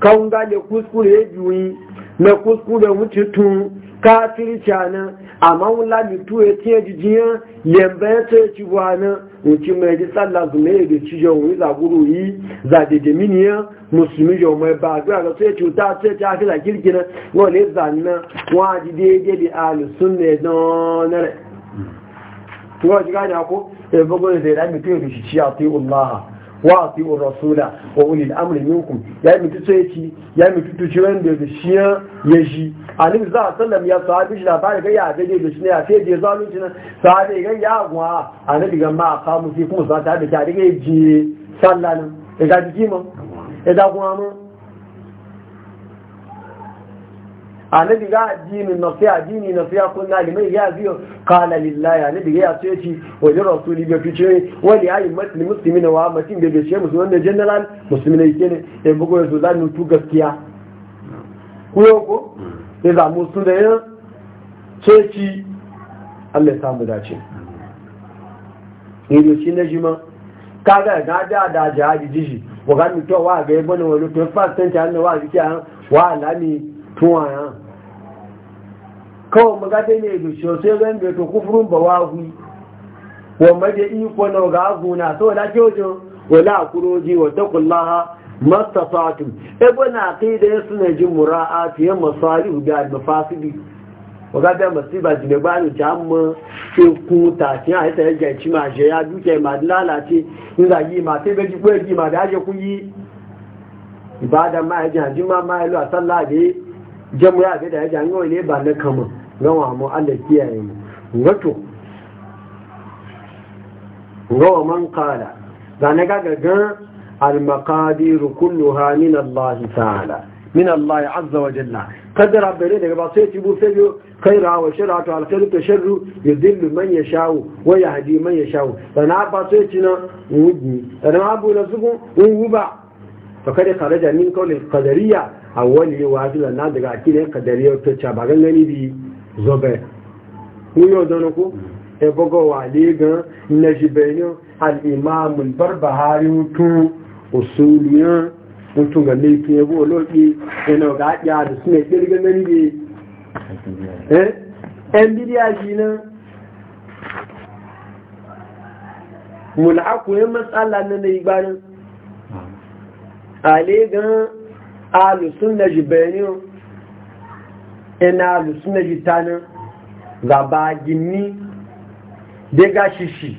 kawun gane kuskure ya biyu na kuskure mutu tun kafirci nan amma wula mitu ya tiye jijiyan yamba ya tsaye ci buwa nan mai ji tsalla su ne da ci yau yi zaguru yi zadede miniyan musulmi yau mai ba zuwa ga tsaye ci ta tsaye ci akila kirkina wale zanna waji daidai da alisun ne donare kuma shi gani ako ya bugu da zai rami tuyo da shi ci a tuyo Allah wa a tuyo rasula wa wuli al'amuri minkum ya yi mitu tsaye ci ya yi mitu tuci wanda da shi ya shi alim za sallam ya sahabi shi labari ga ya gaje da shi ne ya sai je zalunci nan sahabi ga ya gwa annabi ga ma ka mu fi kuma sa ta da ta ga ji sallan da ga ji mu da da kuma mu annabi ga dinin nasiya dini nasiya kunna limai ya biyo qala lillahi annabi ya ce ci wa li rasuli bi fice wani li ayyimat na muslimina wa amatin bi bishe musulman da general muslimai yake ne ya bugo su zanu tu gaskiya ko ko sai za mu sun yan ceci Allah ya samu dace ne shi na jima kaga ga da da jihadi jiji wa ga mito wa ga yabo ne wani to ten san ta wa ga kiyan wa alami tuwa ya kawai mu ga dai ne da shi sai zan da to kufrun bawahu wa made iko na ga guna saboda ke wajen wala kuroji wa taqullaha mastata'tum ebe na aqida yasu ne jin mura'ati yan masalihu ga mafasidi waga da masiba jine ba ni jamma se ku ta ti a ita je chi ma je ya duke ma lalace in za yi ma sai beji kuwa yi ma da je ku yi ibada ma ya jan jima ma ya lo sallah de jamu ya ga da ya jan ne ba na kama gawa mu Allah kiyaye mu wato gawa man kala da na ga gagan المقادير كلها من الله تعالى من الله عز وجل قدر عبدالله لك بصيتي بوفيو خيرها وشرعة على الخير تشر يذل من يشاء ويهدي من يشاء فانا بصيتنا ودني انا ابو نسكو ووبا فقد خرج من قول القدرية أول يواجل أنه دقاء كده قدرية تتشابه غنغني بي زبه هو يوزنكو ebogo wa legan na jibenu al-imam al-barbahari tu usuliyan mutum ga laifin yabo olobi yana ga haɗiya da suna ƙirgin nan ne ɗan eh? bidiya shi nan mul'aku yin matsala na na ibanin alegan alusun na ji benin ina alusun na ji tanin gaba gini daga shishi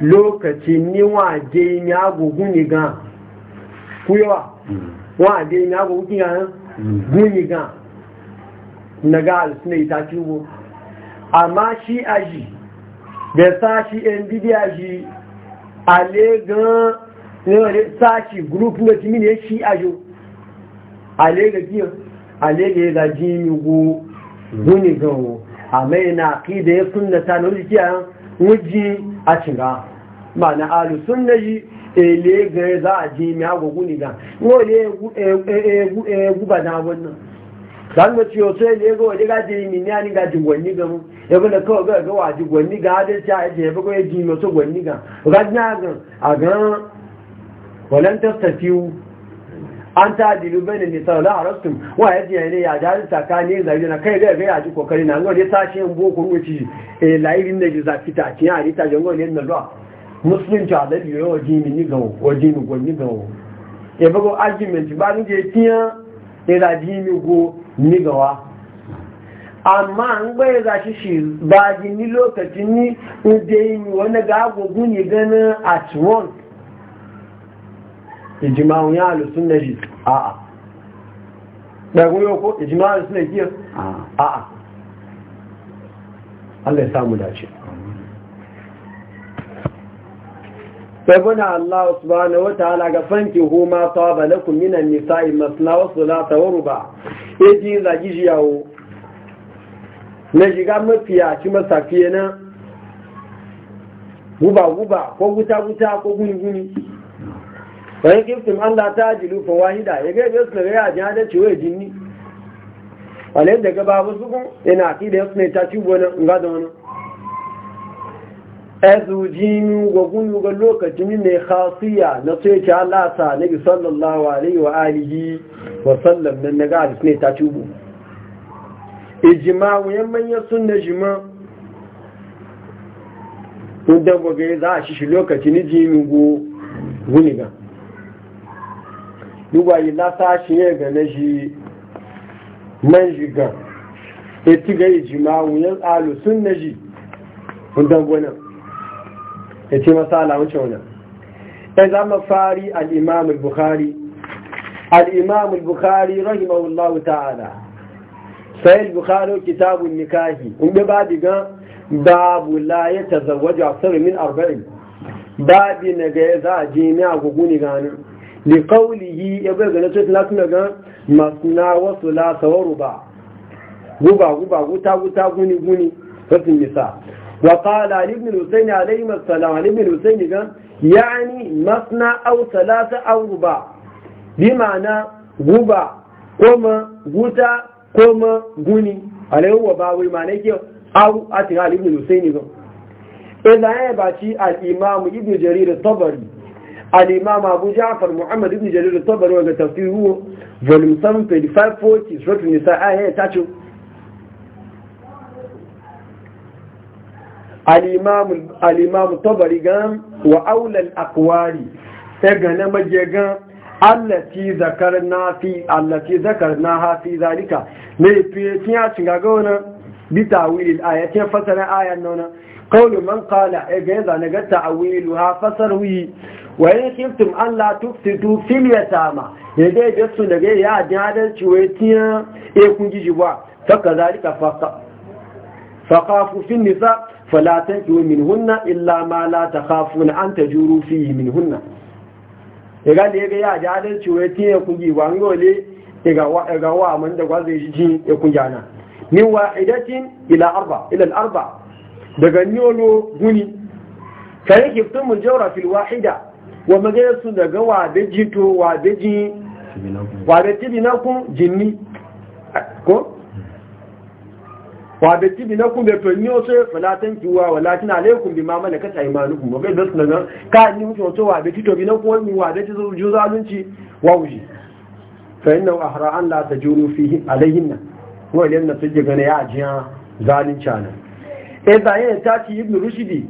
lokaci niwa je ni agogun ni gan Kuyowa wa a dai na ga wukin gunyi ga na ga alisuna ita cibo amma shi aji da sashi yan bidiya shi a legan sashi group na timi ne shi ajo a lega kiyar a lega ya gaji yugo gunyi gawo a mai na ƙi ya sunna ta na wujiya a cin ma na alusun na yi ele ga za a ji mi agogo ni ga wole ba na wannan dan ga ciyo sai ne ga ga ji mi ne ni ga ji gwani ga mu e ga ko ga wa ji gwani ga da ta e je ba ko e ji mi so gwani e ga ga na ga a ga walan an ta dilu bane ne sau da harastun wa ya ji ne ya jari tsakani na kai gaya gaya ji kokari na ngode tashi en boko wuci e lairin da ji zafita ci ya ri ta musulunci alabi yau waje mi ni gawo waje mi gwa ni gawo ya bago argument ba ni je tiya ira ji mi go ni gawa amma an gbaye za shi shi ba ji ni lokacin ni inda yi mi wani ga agogun ni gana at once ijima'un ya alusun na shi a'a ɗagun yau ko ijima'un suna kiyar a'a Allah ya samu dace. sai guna Allah subhanahu wa ta'ala ga fanki huma saba lakum minan nisa'i masna wa sulata wa ruba eji la gijiyawo na jiga mafiya ki masa na guba guba ko guta guta ko guni guni bayan kiftin Allah ta ji lufa wahida ya ga yasu ga ya ji hada ciwo ya jinni wale da gaba wasu kun ina aƙi da yasu ne ta ci gona in azujinu wa gunu ga lokacin mai khasiya na sai ta Allah ta nabi sallallahu alaihi wa alihi wa sallam nan naga alsne ta tubu ijma'u yamman ya sunna jima inda goge za a shi lokacin jimi go guni ga duba yi lasa shi ya ga na shi man ga? jiga e etiga ijma'u yan alu sunna ji inda gonan ya ce masa wuce wannan ya zama fari al’imamul bukhari al’imamul Bukhari bukhari rahimahullahu ta'ala sai al-bukhari kitabun nikahi inda ba diga babu la ya tazawwaju aksar min arba'in babi na ga ya za a je ni a gugu ni ganin liƙaulihi ya bai gane cikin latin daga na wasu lasawaru ba guba guba guta guta guni guni nisa وقال علي بن الحسين عليه السلام علي بن الحسين قال يعني مصنع او ثلاثه او ربع بمعنى غبا كما غتا كما غني عليه هو باوي معنى كيو او اتي علي بن الحسين قال إذا يبعتي الامام ابن جرير الطبري الامام ابو جعفر محمد ابن جرير الطبري وقال تفسيره volume 7 page 540 سورة النساء هي تاتشو alimamu tabari gan wa aulal akwari ta gane maje gan allafi zakar na fi allafi zakar na hafi zalika mai fiye cin ya cin gaga wani bita wilil a ce fasarar ayan nuna kawai man kala a e ga yanzu na gata a wili ha fasar wuyi wa yin shiftum an la tuftitu fil sama ya dai da su daga ya adin adalci wai tiya ekun gijiwa faka zalika faka faka fufin nisa fala tankihu minhunna illa ma la takhafuna an tajuru fihi minhunna ega le ga ya ja dan ciwe ti e kungi wangole ega wa ega wa man da gwaze shi ji e kunjana min wa idatin ila arba ila al arba daga nyolo guni kai kiftum mun jawra fil wahida wa magana sun daga wa da jito wa da ji wa da tibinakum jinni ko wa bi tibi na kun da to ni ose falatan kiwa walakin alaikum bima malakat aymanukum wa bai dasu daga ka ni mutu to wa da tito bi na kun ni wa da tizo ju zalunci wa wuji fa inna ahra an la tajuru fihi alaihinna wa lam natijga ne ya ajiya zalunci ana eh da yin ta ci ibnu rushdi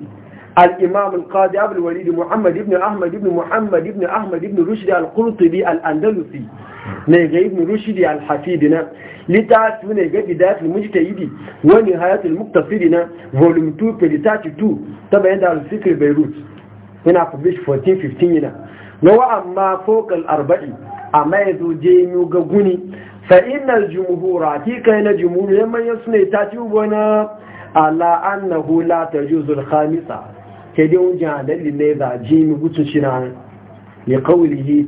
الإمام القاضي أبو الوليد محمد بن أحمد بن محمد بن أحمد بن رشد القرطبي الأندلسي نيجي بن رشد الحفيدنا لتعرف يجد بداية المجتهد ونهاية المقتصدنا فولوم 2 بيج 32 تبع عند الفكر بيروت هنا بيج 14 15 هنا نوعا ما فوق الأربعي أما يزو جيميو غوني فإن الجمهور كان جمهور يمن يسني تاتيو على أنه لا تجوز الخامسة ke dai wajen adalli ne za a ji mi gutsu shi na ne ta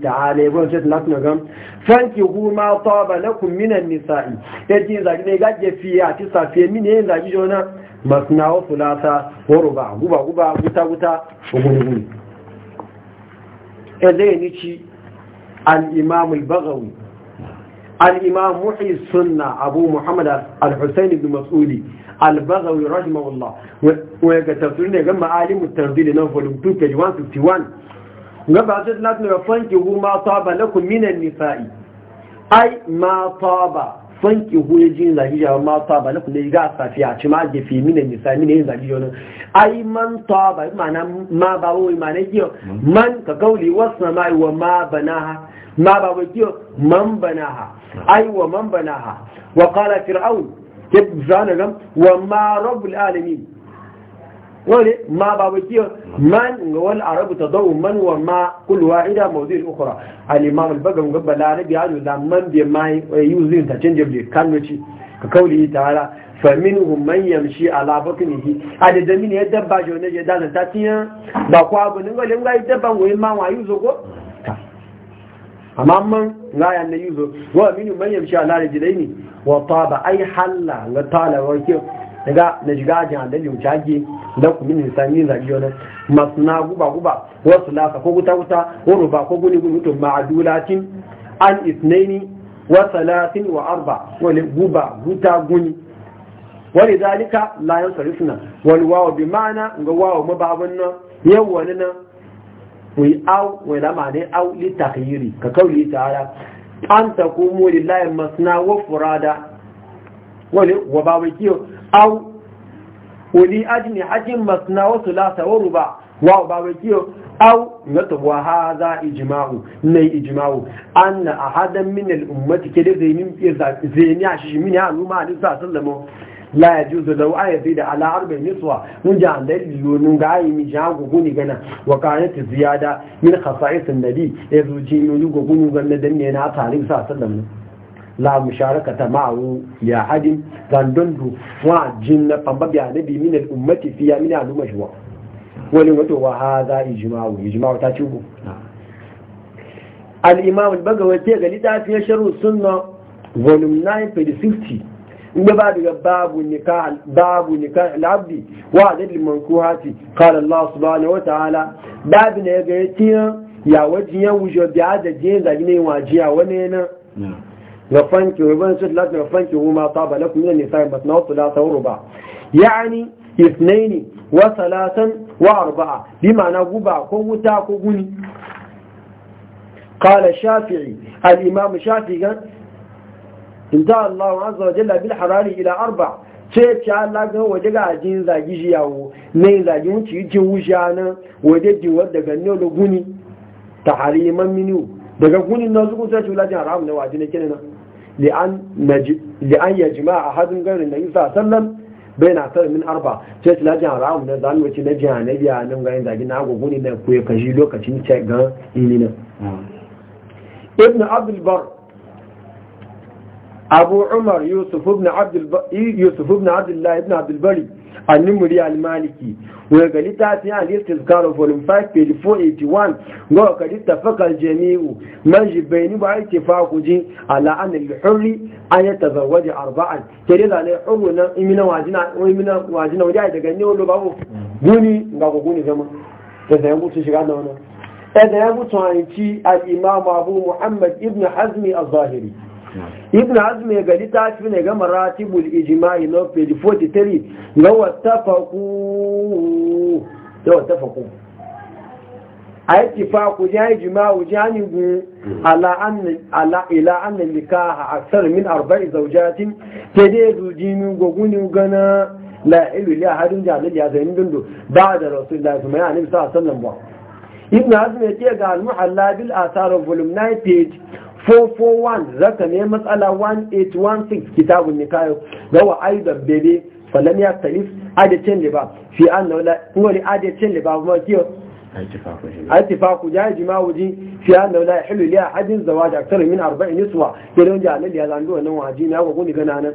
ta'ala ya gwamnati ta latin gam fanki huma ba na kumminan nisa'i ya ce zagi ne gaje fiye a ci safiye mini yin zagi jona masna wa fulata horo ba guba guba guta guta guni guni ya e zai ni ci al'imamul bagawi al'imam muhi sunna abu muhammad al-hussein ibn mas'udi البغوي رحمه الله ويكتفرون يا جمع عالم التنزيل نوم فولوم 2 page 151 نبع عزيز لاتنا يفنكه ما طاب لكم من النساء أي ما طاب فنكه يجين زجيجة ما طاب لكم يجع صفية ما في من النساء من هين زجيجة أي من طاب معنى ما باوي معنى من كقولي وصنا والسماء وما بناها ما باوي من بناها أي ومن بناها وقال فرعون ke zana gam wa ma rabbul alamin wani ma babu kiyo man ga wal arabu tadau man wa ma kul wahida mawdi al ukhra al imam al bagam ga balarabi alu da man bi ma using interchangeably kanwaci ka kauli ta'ala fa minhum man yamshi ala batnihi ada da min yadda ba jone ya da ta tiya ba kwa abu ninga le ngai da ban wai ma wa yuzo ko amma man ngaya na yuzo wa minhum man yamshi ala rajulaini wa taba ai halla ga talawar ke daga na shiga ajin da wuce ake da ku min sami zagi wani masna guba guba wasu lasa ko guta guta ko ruba ko guni guni to ma'adulatin an isnaini wa salatin wa arba wani guba guta guni wani zalika layan sarifina wani wawo bi ma'ana ga wawo mababin nan yau wani nan wai au wai lamane au li takhiri ka kauli ta'ala an ta komo lillahi masna wa furada wani wa ba kiyo au wani ajini hajjin masna wa sulasa wa ruba wa ba kiyo au wa hadha ijma'u nay ijma'u anna ahadan min al ummati kede zaymin zayni shi min ya aluma sallallahu alaihi wasallam la ya juzu lau a zai da ala arba'in niswa mun ji an dalil lonin ga ayi mi ja guguni gana wa ta ziyada min khasa'is annabi ya zuci ni guguni ganna dan ne na tare sa sallam la ta ma'ahu ya hadin zandon du wa jinna pamba bi annabi min al ummati fi ya min al mashwa wani wato wa a ijma'u ijma'u ta ci al imam al bagawi ce ga litafin sharh sunna volume 9 page 60 in ba daga babu nikah babu nikah al-abdi wa adad al-mankuhati qala Allah subhanahu wa ta'ala babu ne ga yatiya ya wajin ya wujo biya da jin zagi ne a wani na ga fanki ruban su da ga fanki huma taba lakum min ruba yani ithnaini wa wa arba'a bi ma'ana guba ko wuta ko guni قال الشافعي الإمام الشافعي inta Allah azza wa jalla bil harari ila arba ce ce Allah ga waje ga ajin zagi shi yawo ne zagi mun ci jin wuja nan waje ji wadda ganne lo guni tahariman minu daga gunin nan su kusa shula jin haram ne waje ne kenan li an naji li an yajma ahadun gairin nabi sallallahu alaihi baina tar min arba ce shula jin haram ne zan wuce na jin nabi nan ga zagi na go Guni nan ku ya kashi lokacin ce ga ilina hmm. ibn abdul bar abu umar yusuf ibn abdullahi ibn abdulbari a nimuri al-maliki wani ga littafi a listis karo volume 5 page 481 ga ta fakal jami'u man jibbaini ba ake fakuji ala anil hurri an ya tazarwaje arba'an ke dai zane hurru na imina wajina wajina wajen daga ne wani babu guni ga guni zama da zayen mutu shiga da wani ɗaya da ya mutu hanci al-imam abu muhammad ibn hazmi al-zahiri ibn hazm ya gari ta fi ne ga maratibul ijma'i na page 43 ga wattafaku da wattafaku a yi tifaku ya yi jima'u janibu mm. ala ila annan nikaha aksar min arba'i zaujatin ke dai zujinu gwagwuni gana la ilu liya harin jami'ai ya zai dundu ba da rasulullah su mai annabi a alaihi wasallam ba ibn hazm ya ce ga al-muhalla bil athar volume 9 page 441 za ka nemi matsala 1816 kitabun ni kayo ga wa aizan bebe falani ya talif adacin da ba fi an da wani wani adacin da ba kuma kiyo aitifaku ya ji mawuji fi an da wani hilu liya hajjin zawa da aktarar min arba'in yusuwa ya rinja alaliya zandu wannan wajen ya gwagwuni gana nan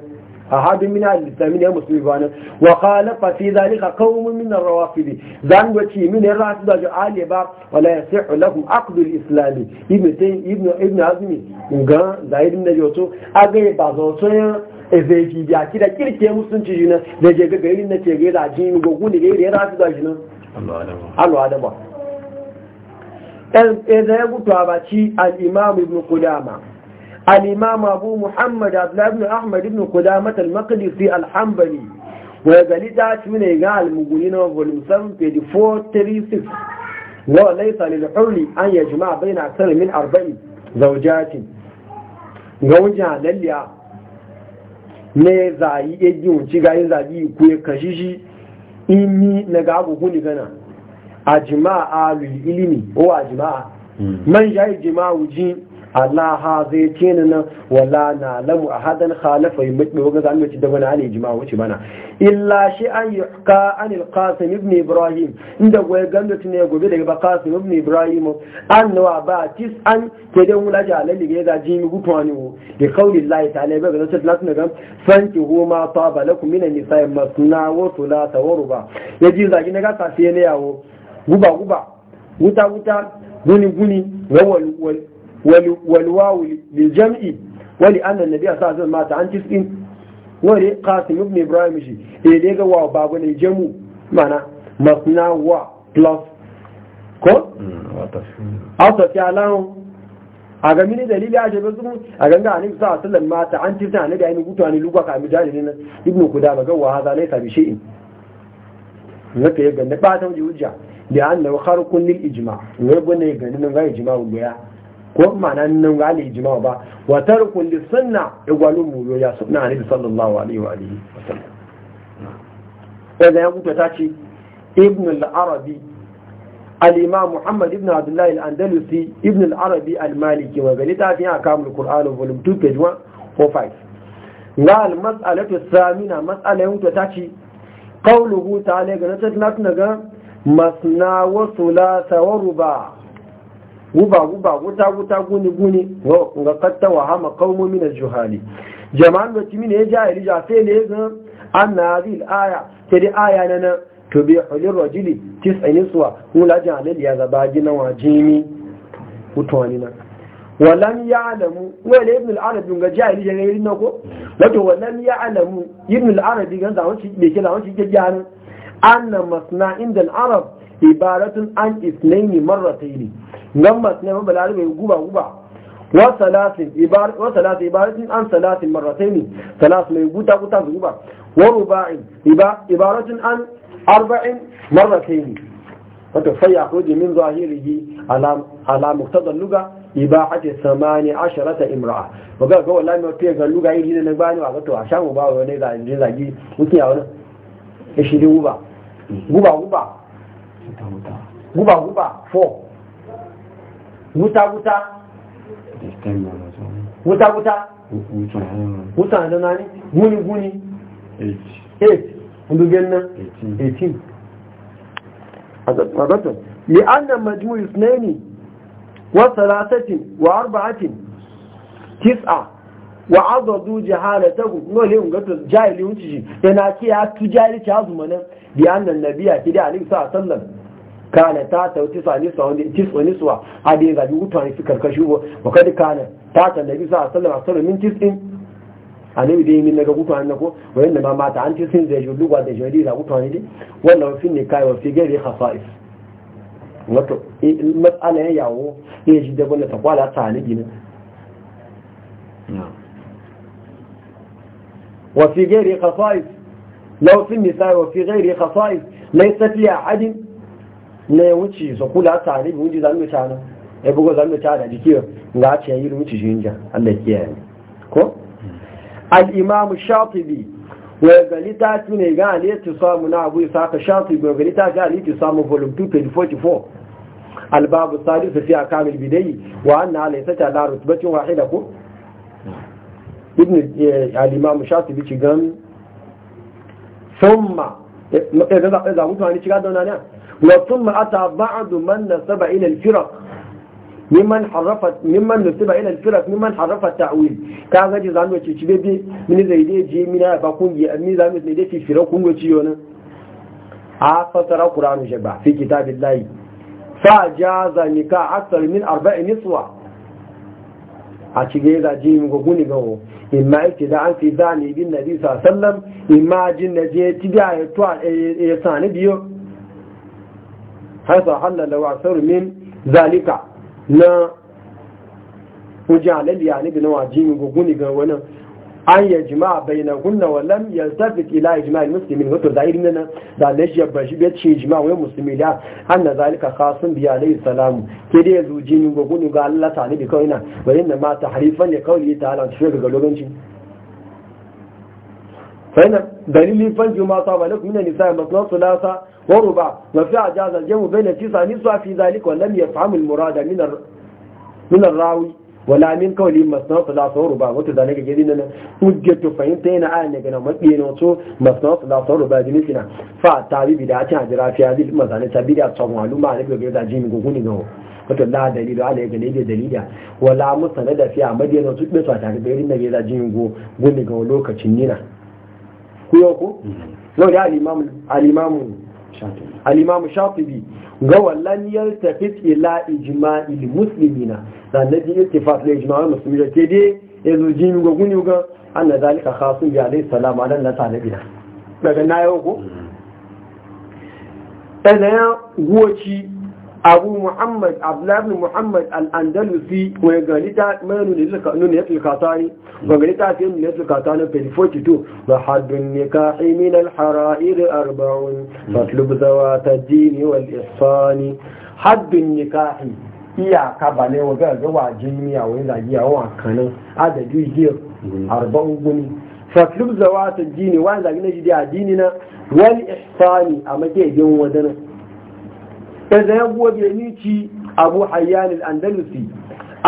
أحد من الإسلامين المسلمين وقال ففي ذلك قوم من الروافد ذان وشي من الرافضة جعال يبار ولا يصح لهم عقد الإسلام ابن تين ابن ابن عزمي قال زايد من اليوتو أغي بعضوتين ezeji ya kira kirke musulunci jina da je gaga irin na ce ga da jini gogu ne ga irin rafida jina Allah adaba Allah adaba ezai gutu abaci al-imam ibn qudama الإمام أبو محمد عبد بن أحمد بن قدامة المقدسي الحنبلي ويقال تاج من إيقاع المقولين والمسلم في 436 لو ليس للحر أن يجمع بين أكثر من أربعين زوجات gawujan halalliya ne zayi egin wuce gayin zabi ko ya kashi shi imi na ga abubu ni gana a jima'a ilimi o a jima'a man jayi jima'a wujin Allah ha zai ce ni nan wala na lamu a hadan khalafa yi mutu wani ci da bana ana ijima wuce mana illa shi an yi ka an ilkasim ibn ibrahim inda goyi gandoti ne gobe da ba kasim ibn ibrahim an nawa ba tis an ke dan wula ji alalli ga yaga jimi gutu wo da kauli layi ta alaiba ga zata tunatu na gan sanki homa ta balaku minan nisa'i masna wa tulata wa ruba ya ji zagi na gasa sai ne yawo guba guba wuta wuta guni guni ga والواو للجمع ولأن النبي صلى الله عليه وسلم مات عن تسع ولي قاسم ابن إبراهيم شي إيه لغا واو باب الجمع معنى مثنى و بلس كو عطف يعلم a ga mini dalili a shabar zumu a ganga annabi sallallahu alaihi mata an tirta annabi ayi gutu an lugwa ka mujahidin nan ibnu kudama ga wa hada laysa bi shay'in nake ga ne ba ta wuce hujja da annahu kharqun lil ijma' ne bane ga nan ga ijma'u biya ko ma'ana nan ga ali ijma ba wa tarku li sunna igwalu mu ya sunna ne sallallahu alaihi wa alihi wasallam wanda ya kuta tace ibn al-arabi al-imam muhammad ibn abdullah al-andalusi ibn al-arabi al-maliki wa galita fi akam al-qur'an volume 2 page 145 al-mas'alatu as-samina mas'ala ya kuta tace qawluhu ta'ala ga na tattuna ga masna wa thulatha wa ruba' guba guba guta guta guni guni yo ga katta wa hama qaumu min al-juhali jama'an da kimi ne jahili ja sai ne ga anna hadhihi aya aya tadi aya nan to bi hulir rajuli tis'in suwa mula jalil ya zaba gina wajimi utwani na walam ya'lamu wala ibn al arab ga jahili ja ne ko wato walam ya'lamu ibn al arab ga zawo shi ne ke zawo shi ke jahili anna masna inda arab ibaratun an isnaini marrataini ngam masna ba balarabe guba guba wa salasin ibaratun an salasin marrataini salas mai guta guta guba wa ruba'in ibaratun an arba'in marrataini wato sai ya koje min zahirihi ala muktadar luga ibahati samani asharata imra'a waga ga wallahi mafi ga luga yi ne na bani wa ga to a shamu ba wani zagi zagi mutum ya wani ya guba guba guba guba 4 wuta wuta wuta wuta wuta da nani guni guni 8 ndugen na 18 azabatan li anna majmu'u ithnaini wa thalathatin wa arba'atin tis'a wa azadu jahalatahu ngole ngato jahili unchi yana ki ya tu jahili cha azumana bi annan nabiya ki da alaihi sallam kana ta tauti sani sawani tis wani suwa hadi ga bi mutane su karkashi ko. wa kad kana ta ta nabi sallallahu alaihi wasallam min tis din annabi dai min daga mutane nako wa inda ma mata an tis din zai julu wa da jadi da mutane dai wannan fin ne kai wa fi gari khasa'is wato mas'ala ya yawo ya ji da wannan takwala ta ne gina wa fi gari khasa'is لو في النساء وفي غير خصائص ليست لأحد na ya wuce su kula tare bi wuce zamu ta nan ya bugo zamu ta da jiki ga ce yi wuce jinja Allah ya kiyaye ko al imam shatibi wa galita tune ga ali tisamu na abu isa ka shatibi wa galita ga ali tisamu volume 2 page 44 al babu sadis fi wa anna laysa ta la rutbatin wahida ko ibn al imam shatibi ci gan thumma idan za za mutu ne shiga da wannan wa thumma ata ba'd man nasaba ila al-firaq mimman harafat mimman nasiba ila al-firaq mimman harafat ta'wil ka ga ji zanu ce cibe bi mini zai dai je mina ba kungi ni zanu ne dai fira kungo ci yona a fasara qur'anu shaba fi kitabillahi fa jaza nikah akthar min arba'i niswa a cige da ji mi ni gawo imma yake da an fi zane bin nabi sallam imma jin na je ti da ya tuwa ya sani biyo haifar halala wa sar min zalika na wajen alali na ga an ya jima'a bai na hunna walam ya zafi ila ya jima'a musulmi wato zahirin nan da ba shi bai ce jima'a wai musulmi da an na zalika kasun biya alayhi salamu ke da ya zuji ni ga gunu ga Allah ta ne da kawai na bayan da mata harifan ya kawai ta ala tafiya ga lokaci فإن دليل فنج ما nasu لكم من النساء ya من الراوي wala min kawli masnaf la tawru ba wato da nake gidi nan to fahimta yana ayan ne nan mabiye ne wato masnaf la tawru ba jini kina fa tabi bi da ta jira fi hadil mazani tabi da tsawon maluma ne ga da jini guguni ga wato la dalilu ala ga ne dalila wala da fi amadiyan wato be to ta ga ne da jini guguni ga lokacin nina ku yo ku lo mm-hmm. da al-imam al-imam shafi alimamu imam ga wallan yaltafit ila ijma'il muslimina da na ji ittifaq la ijma'ul muslimina ke dai yanzu jin ga guni ga anna zalika khasun bi alayhi salam ala na talibina daga nayo ko mm. ya guwaci. abu muhammad abdullahi muhammad al'andalusi wani ganita mai nuna ya tulkata ne ganita ta fi nuna ya tulkata na page 42 ba haddun nika imin alhara'ir arba'un fatlub zawa ta jini wal isfani haddun nika iyaka ba ne wa gaga wa jini a wani zagi a wa kanin adadi giyar arba'un guni fatlub zawa ta jini wani zagi na jidi a jini na wal isfani a makejin wadanin إذا يبوى بيميتي أبو حيان الأندلسي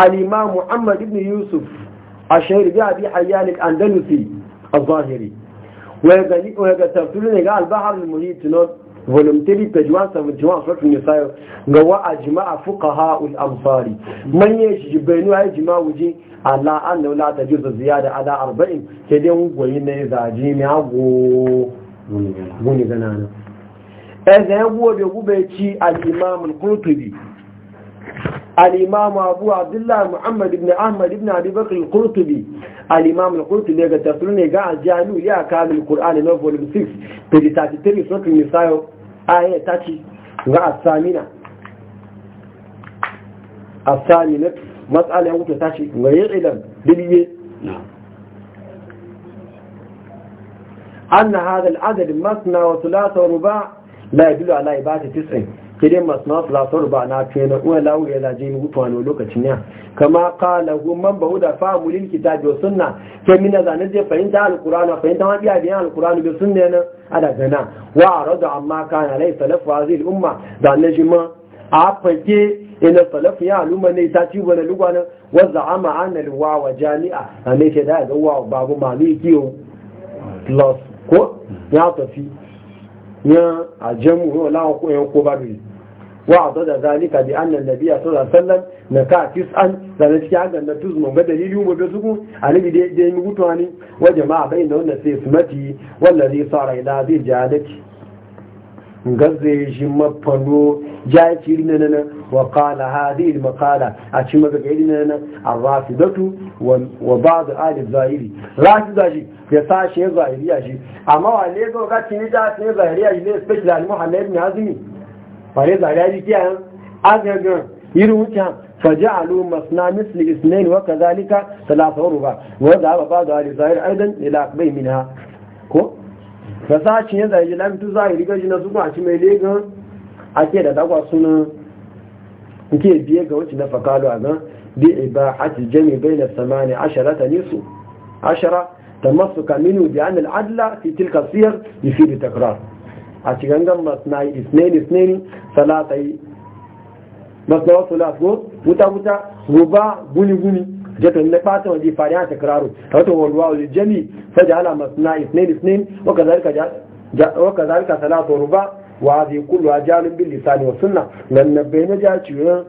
الإمام محمد بن يوسف الشهير بأبي حيان الأندلسي الظاهري وهذا تفسيرنا قال البحر المحيط نوت volunteer pejwan 71 sura nisayo ga wa ajma'a fuqaha al amsari man yaji bainu ay jima wuji ala anna la tajuz ziyada ala 40 sai dai goyi ne zaji ne ago ganana ɗaga ya gobe gube ci alìmáàmù kurtubi alìmáàmù abu abdullahi muhammad ibn ahmad ibn abubakar kurtubi al'imamun kurtubi ga tasirin ne ga aljanu ya kamil kur'ani na volume 6 page 33 sokin misayo aya ta ga asamina asamina ya wuce ilan biliye أن هذا العدد مثنى وثلاثة ورباع la ya ala ibati tis'in kide masnaf la turba na tena wa lawo ya laje ni gutuwa lokacin ya kama qala hum man bauda fa mulil kitabi wa sunna ke mina da je fahimta alqur'ana fahimta ma biya biya alquran bi sunna na ada gana wa arada amma kana lai salaf wa zil umma da ne jima a fake ina salaf ya aluma ne ta ci wani lugwanin wanda ama anal wawa jami'a a ne ke da ga wa babu maliki plus ko ya tafi yan ajamu yau lawan ko yan ko babu wa adada zalika bi anna nabiyya sallallahu alaihi wasallam na ka tis'an da na cikin hagan na mun ga dalili mu ga a alibi da da mu gutu ani wa jama'a bai da wannan sai sumati zai sara ila zai jadati ngazze shi mafano jaci ne nan وقال هذه المقالة أتشم بقعدنا لنا الرافضة وبعض آل الظاهري رافضة جي يساشي ظاهرية جي أما وليس وقت تنجاتني ظاهرية جي ليس بشل المحمد بن عزمي فليس ظاهرية جي كيها أزهر يروتها فجعلوا مصنع مثل اثنين وكذلك ثلاثة وربع وذهب بعض آل الظاهر أيضا إلى أقبي منها كو فساشي جي لم تظاهري جي نزوك عشي ميليك أكيد أدعوا سنة نتي بيجا وانت نفا قالوا انا بإباحة الجمع بين الثمان عشرة نصف عشرة تمسك منه بأن العدل في تلك الصيغ يفيد التكرار عشان قال مصنعي اثنين اثنين ثلاثة مصنع ثلاثة موت موتا موتا غبا بني بني جت النفاس ودي فاريان تكرار هذا هو الواو للجمع فجعل مصنعي اثنين اثنين وكذلك جاء وكذلك ثلاثة وربع wa zai kullu a jalin bin lisani wa sunna nan na bai na ja ciwon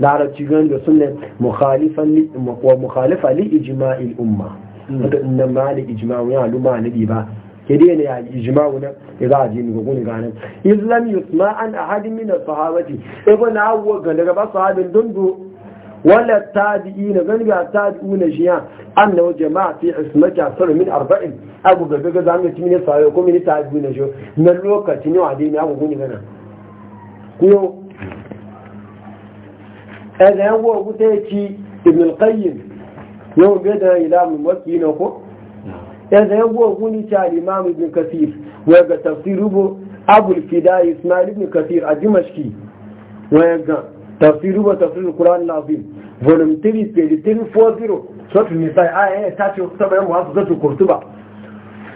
larabci gan da sunna wa mukhalifa li ijma'il umma wanda inna ma li ijma'u ya luma nabi ba ke dai ne ya ijma'u na ya za a ji ni gugun ganin islam yusma an a ahadin min as-sahabati ibn e awwa ga daga ba sahabin dundu ولا التابعين غنبي التابعون شيئا أنه جماعة في عصمة أكثر من أربعين أبو بكر قزان يتمنى صحيحكم من التابعون شو من الوقت تنيو عدين أبو بني غنى كيو هذا هو أبو تيتي ابن القيم يوم بيدنا إلى من وكينا أخو هذا هو أبو نيتا الإمام ابن كثير ويقى تفسير أبو الفداء إسماعيل ابن كثير الدمشقي ويقى tafsiru ba tafsiru Qur'an al-Azim volume 3 page 340 sai a eh ta ce saboda mu wasu zatu kurtuba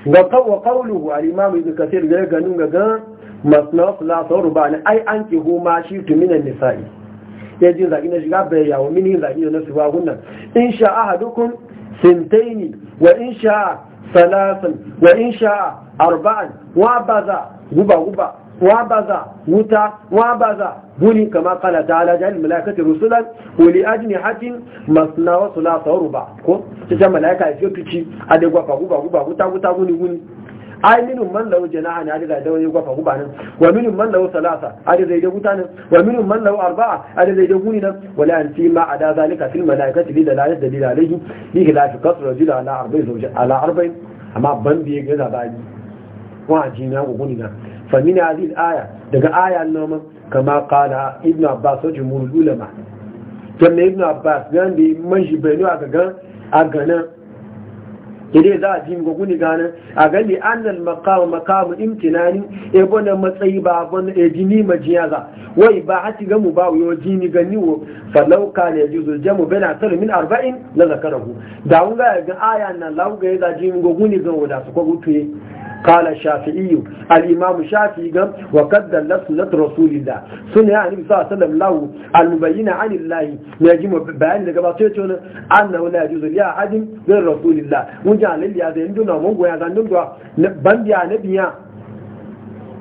ga wa qawluhu al-Imam Ibn Kathir ga ganin ga ga masnaf la ba ni ai an ki huma shi tu minan nisa'i ya ji zaki na shiga bai yawo mini zaki na su ba gunnan in sha ahadukum sintaini wa in sha salasan wa in sha arba'an wa baza guba guba wabaza wuta wabaza guni kama قال تعالى جعل الملائكة rusulan ولي أجنحة ajnihatin masna وربع thulatha wa ruba ko ta mala'ika ya fici adegwa ka guba guba wuta wuta guni guni ai minun man lahu janaha ne adada da wani gwafa guba nan wa minun man lahu salasa adada da guta nan wa minun man lahu arba'a adada da guni nan wala an fi ma ada zalika fil malaikati li dalalat dalil alayhi bi ala ala amma ban ga wa ajina guni nan فمن a الآية دقى آية النوم كما قال ابن عباس وجمهور العلماء كما ابن عباس قال بمجي بينو أغغان أغغان yadda za a ji ga guni ganin a gani annal makamu makamu imtinani e bona matsayi ba e jini majiya za wai ba hati ga mu ba yo jini gani wo falau ka ne juzu jamu bana tar min na la zakarahu da un ga ga aya na lawu ga ji ga guni ga wada su ko gutuye قال الشافعي الإمام الشافعي وقد دلت سنة رسول الله سنة يعني صلى الله عليه وسلم له المبينة عن الله يجب بأن لقباطيتنا أنه لا يجوز لأحد غير رسول الله وجعل لي هذا عندنا ومنقوا هذا عندنا بند يا نبيا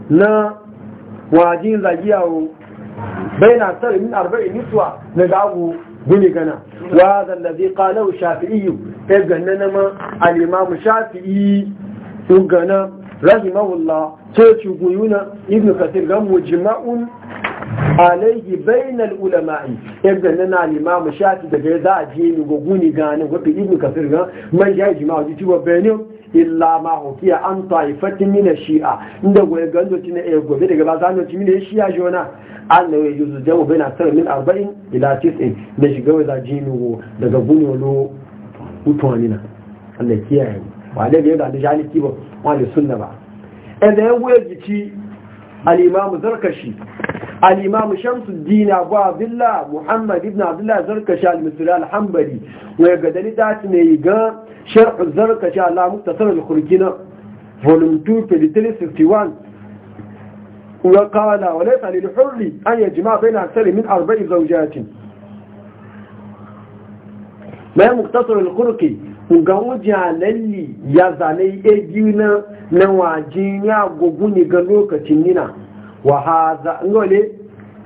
نا wajin zagiyawo بين أكثر من أربع نسوة نجعه بنقنا وهذا الذي قاله الشافعي يبقى أننا الإمام الشافعي ugana rahimahullah sai coci guyuna ibn kathir ga mujma'un alayhi bainal ulama'i ibn na al-imam shafi daga za a je ni guguni ganin wato ibn kathir ga man ya jima'a ji ci bayanin illa ma hukiya shi'a inda goye ganzo na iya eh, gobe daga ba za mu ci mina eh, shi'a jona an da yayi yuzu min 40 ila 90 da shiga wa za ji daga gunolo mutuwa nina Allah kiyaye mu wane da ya zaɓi jaliki ba wane sunna ba ɗan yan wuyar jiki al'imamu zarkashi al'imamu shamsuddin abu abdullah muhammad ibn abdullah zarkashi al-misri al-hambali waya ga dali dati ne ga sharh zarkashi allah muktasar al-khurkina volume 2 page wa qala wa laysa lil hurri an yajma bayna akthar min arba'i zawjatin ما مختصر الخرقي ga wujan lalli ya zane ya biyu na na ya gugu ne ga lokacin nina wa haza ngole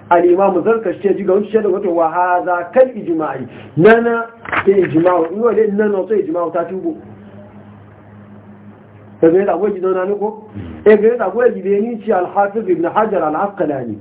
al-imam zarkash ji ga shi da wato wa haza kal ijma'i nana ta ijma'u ngole nana ta ijma'u ta tubu ebe da gwaji don nanu ko ebe da gwaji da ni ci al-hafiz ibn hajar al-asqalani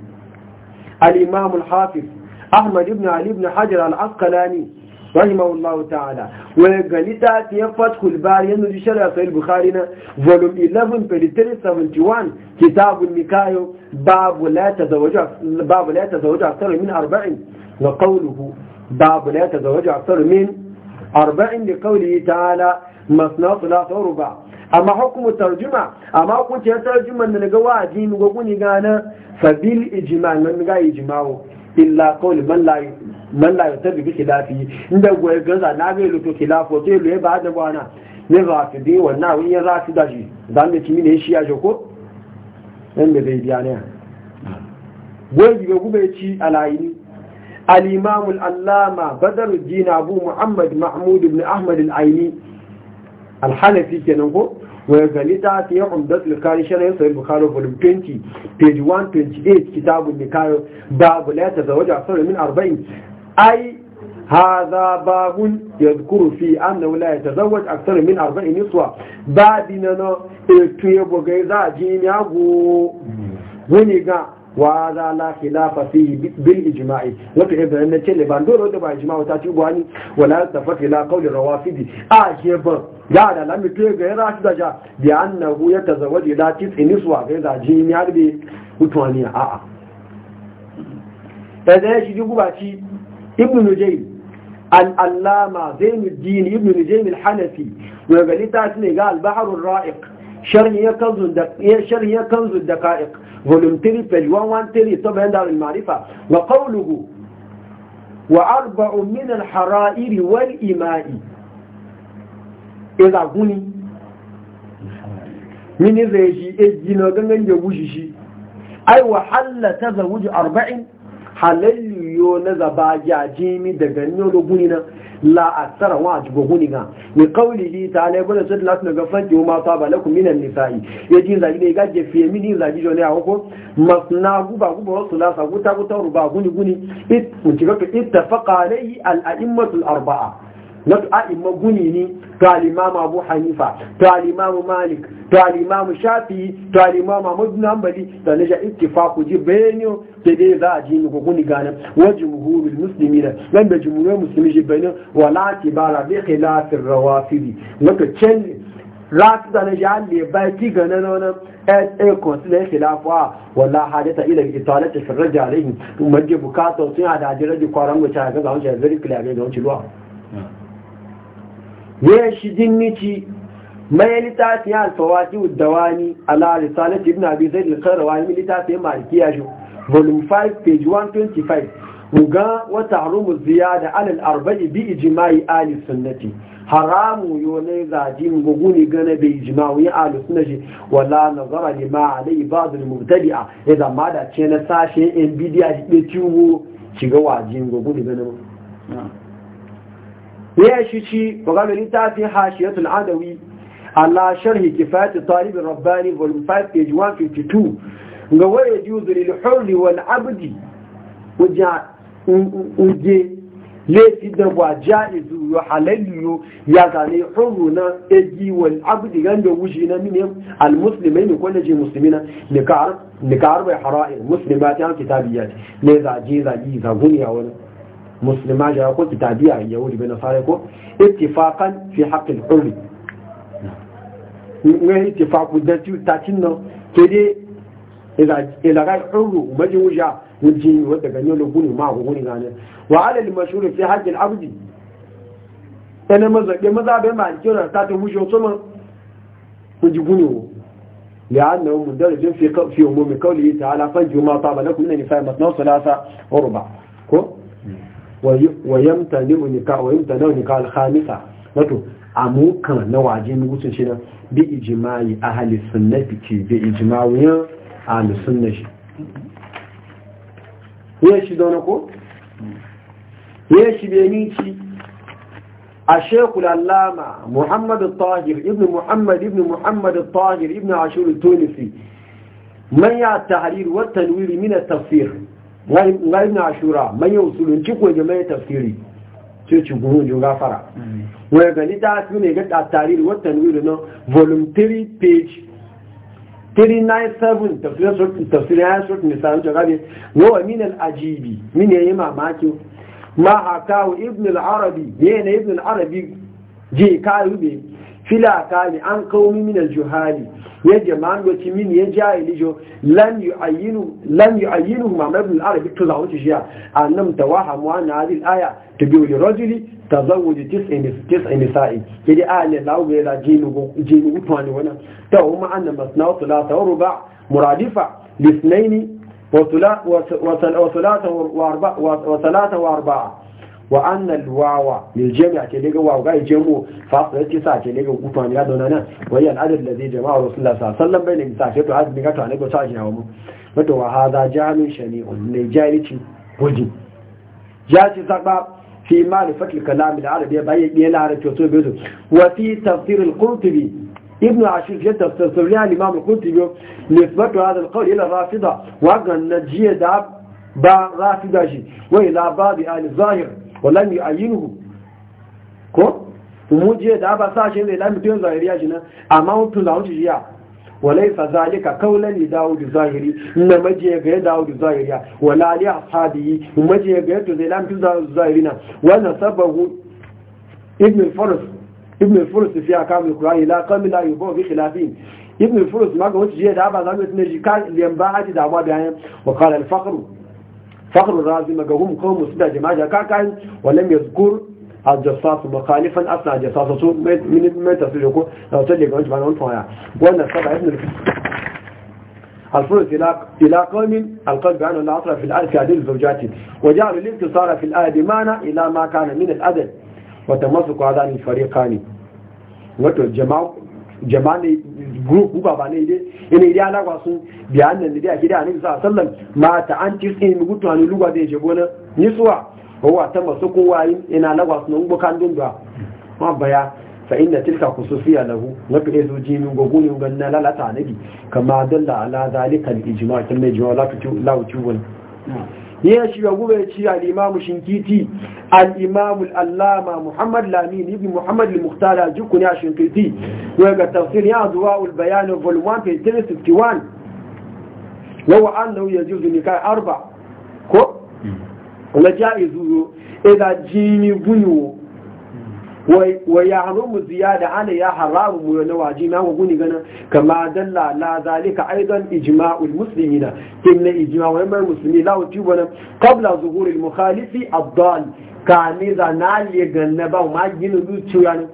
al-imam al-hafiz ahmad ibn ali ibn hajar al-asqalani rahimahu Allah ta'ala wa galita ya fathul bari yanzu shari'a sahih bukhari na volume 11 3371 kitabul mikayo babu la tazawaju babu la tazawaju akthar min 40 wa qawluhu babu la tazawaju akthar min 40 li qawlihi ta'ala masna la turba amma hukumu tarjuma amma kunce tarjuma ne ga wajibi ga kuni gana fabil ijma'an ga ijma'u illa qawl man man la ta bi khilafi inda goye gaza na ga lutu khilafo to le ba da bana ne rafidi wannan wani ya rafida shi dan da kimi ne shi ya joko dan da bai biya ne goye ga gube ci alayini al-imam al-allama badruddin abu muhammad mahmud ahmad aini al kenan ko waya ta ta yi 20 page 128 كتاب nikayo babu لا ta zawaja من min 40 ai haza babun yadkuru fi annahu la yatazawwaj akthar min arba'in niswa babina no etu yebo ga za ji ni agu wani ga wa za la khilafa fi bil ijma'i na ce liban da ba ijma'u ta ci gwani wala tafat ila qawli rawafidi a ke ba ya da lami to ga ra shi da ja bi annahu yatazawwaj ila tis'i niswa ga za ji ni arbi mutwani a'a da da shi dubu ba ci ibn nujayb al-allama zainuddin ibn nujayb al-hanafi wa ga littafi ne ga al-bahr ar-ra'iq sharhi kanzu da sharhi kanzu daqa'iq volume 3 page 113 tabayan dar al-ma'rifa wa wa arba'u min al-hara'ir wal ejina ai wa hallata arba'in yo na zaba ya jimi daga nyo guni na la asara wa jiboguni ga ni qawlihi ta'ala ibn sa'd la tuna gafan ki ma ta balakum minan nisa'i yaji zaji ne gaje fiye mini zaji jone a hoko masna guba guba wasu la sa guta guta ruba guni guni it mun kiga ittafaqa alayhi al-a'immatu al-arba'a na a'imma guni ni to al-imam Abu Hanifa to al-imam Malik to al-imam Shafi'i to al-imam Ahmad bin Hanbali da naja ittifaqu ji bayani da dai za a ji ni ko guni ganin wa jumhurul muslimin nan da jumhurul muslimin ji bayani wala tibara bi khilaf ar-rawafidi naka chen rasu da na ja le bai ti ganin wannan ɗaya eh, eh, consulate khilafa wala hadata ila italati fi rajalihi majje bukata sun hada jiraji kwaran wuce ga ga wuce very clear ga wuce luwa ya shi dinnici mai littafi ya alfawaji dawani ala risalat ibn abi zaid al-qarawani littafi malikiya shi volume 5 page 125 muga wa tahrumu ziyada ala al-arba'i bi ijma'i ahli sunnati haramu yo ne zaji guguni gane bi ijma'i ahli sunnati wala nazara lima alai ba'd al-mubtadi'a idan ma da ce na sashe in da be ciwo shiga wajen guguni gane ba ya shi shi ƙwararru littafin hashiyatul adawi ala sharhi kifayati talibin rabbani volume 5 page 152 ga waye juzu lil hurri wal abdi uje laifi da wa ja'izu yo halallu ya zane hurru na eji wal abdi ganda wuce na mini al muslimai ne ko naje muslimina nikar nikar musulmi ba ta an kitabiyat ne zaje zagi zaguniya wani musulma jara ko kitabiya yahudi bai nasara ko ittifaqan fi haqqil hurri ne ittifaqu da ci tacin nan ke dai ila ila ga hurru majin wuja wujin wanda ganyo luguni ma guguni gane wa ala al mashhur fi haqqil abdi ana mazabe mazabe ma kira ta ta wujo kuma kuji لأنه مندرج في في عموم قوله تعالى فانجوا ما طاب لكم من النساء مثنى ثلاثة وربع ويمتن نكاء ويمتن نكاء الخامسة وتو أموكا نواجين نقول شنا بإجماع أهل السنة بكي بإجماع أهل السنة يشي دونكو يشي بيميتي الشيخ الألامة محمد الطاهر ابن محمد ابن محمد الطاهر ابن عاشور التونسي من يعد التحرير والتنوير من التفسير Nga na ashura man yau sulun ci ko jama'a tafsiri ce ci gurun jin gafara mm. wai ga ta su ne ga da tarihi watan wuri no volume 3 page 397 tafsirin tafsirin ya sort ne san ta gabe wa min al ajibi min yayi mamaki ma hakawu ibn al arabi ne ne ibn al arabi je ka rube فلا تالي عن قوم من الجهال يا جمان وتمين يا جاهل جو لن يعينوا لن يعينوا مع مبن العرب تزعوا تشيا انم توهم وانا هذه الايه تبيو لرجلي تزوج تسع تسع نساء كده آية لا ولا جينو جينو توني وانا تو ما عندنا مثنى وثلاثه وربع مرادفه لاثنين وثلاث وثلاثه واربع وثلاثه واربعه وان الواو للجمع كليغا واو غاي جمو فاصلتي سا كليغا غوتوان يا دونانا وهي العدد الذي جمع رسول الله صلى الله عليه وسلم بين مساجد عدد ميغا تو انيغو ساجي هاومو متو هذا جامع شني اللي جايتي بودي جاجي زبا في مال فك الكلام العربي باي بي العربي تو بيدو وفي تفسير القرطبي ابن عاشر جدا استرسل لها الإمام القرطبي نسبة هذا القول إلى الرافضة وقال النجية داب با رافضة جي وإلى باب آل الظاهر walam yu'ayyinuhu ko mu da ba sa shi ne la mutun zahiriya shi nan amma mutun da wuce ya walai fa zalika qawlan li daud zahiri inna maje ga daud zahiriya wala li ashabi maje ga to zai la mutun zahiri nan wannan sababu ibn al-faras ibn al-faras fi akam al-qur'an la qam la yubu bi khilafin ibn al-faras ma ga wuce da ba za mu tune shi kan lemba haji da ma bayan wa qala al-faqru فخر الرازي مقهم قوم سدى جماعة كاكاين ولم يذكر الجصاص مخالفا أصلا جصاص من من تسجوكو لو تجيك أنت بأنه أنتوايا وانا سبع ابن الفرس إلى قوم القلب عنه العطر في الآية في عدل زوجات وجعل الانتصار في الآية بمعنى إلى ما كان من الأدب وتمسك هذان الفريقان وتو الجماعة jama'a group uba ba ne dai ina idan alagwa sun biyan nan da gida ne sallallahu sallan wasallam ma ta an tirsin mi gutu an lugwa da je gona ni suwa wa ta masu kowa yin ina alagwa sun Mun kan dun da ma baya fa inna tilka khususiyya lahu na fi ezo ji min gogo ne ganna lalata annabi kama dalla ala zalika al ijma' kin ne jawala la tu la tu ya shiga gube ci al'imamu shinkiti al'imamu al'allama muhammad lamini ibi muhammad al-muhtara jikuni a shinkiti wai ga tafsir ya zuwa bayan vol 1 361 wawa an da wuya jirgin ne kai arba ko? Hmm. wala ja'i zuro idan jini buyo wa ya haramu ziyada ana ya haramu mu yana waji na guni gana kama dalla la zalika aidan ijma'ul muslimina kinna ijma'u mai muslimi la wuti bana qabla zuhuril mukhalifi ka dal kani na ya ganna ba ma gina zuciya ne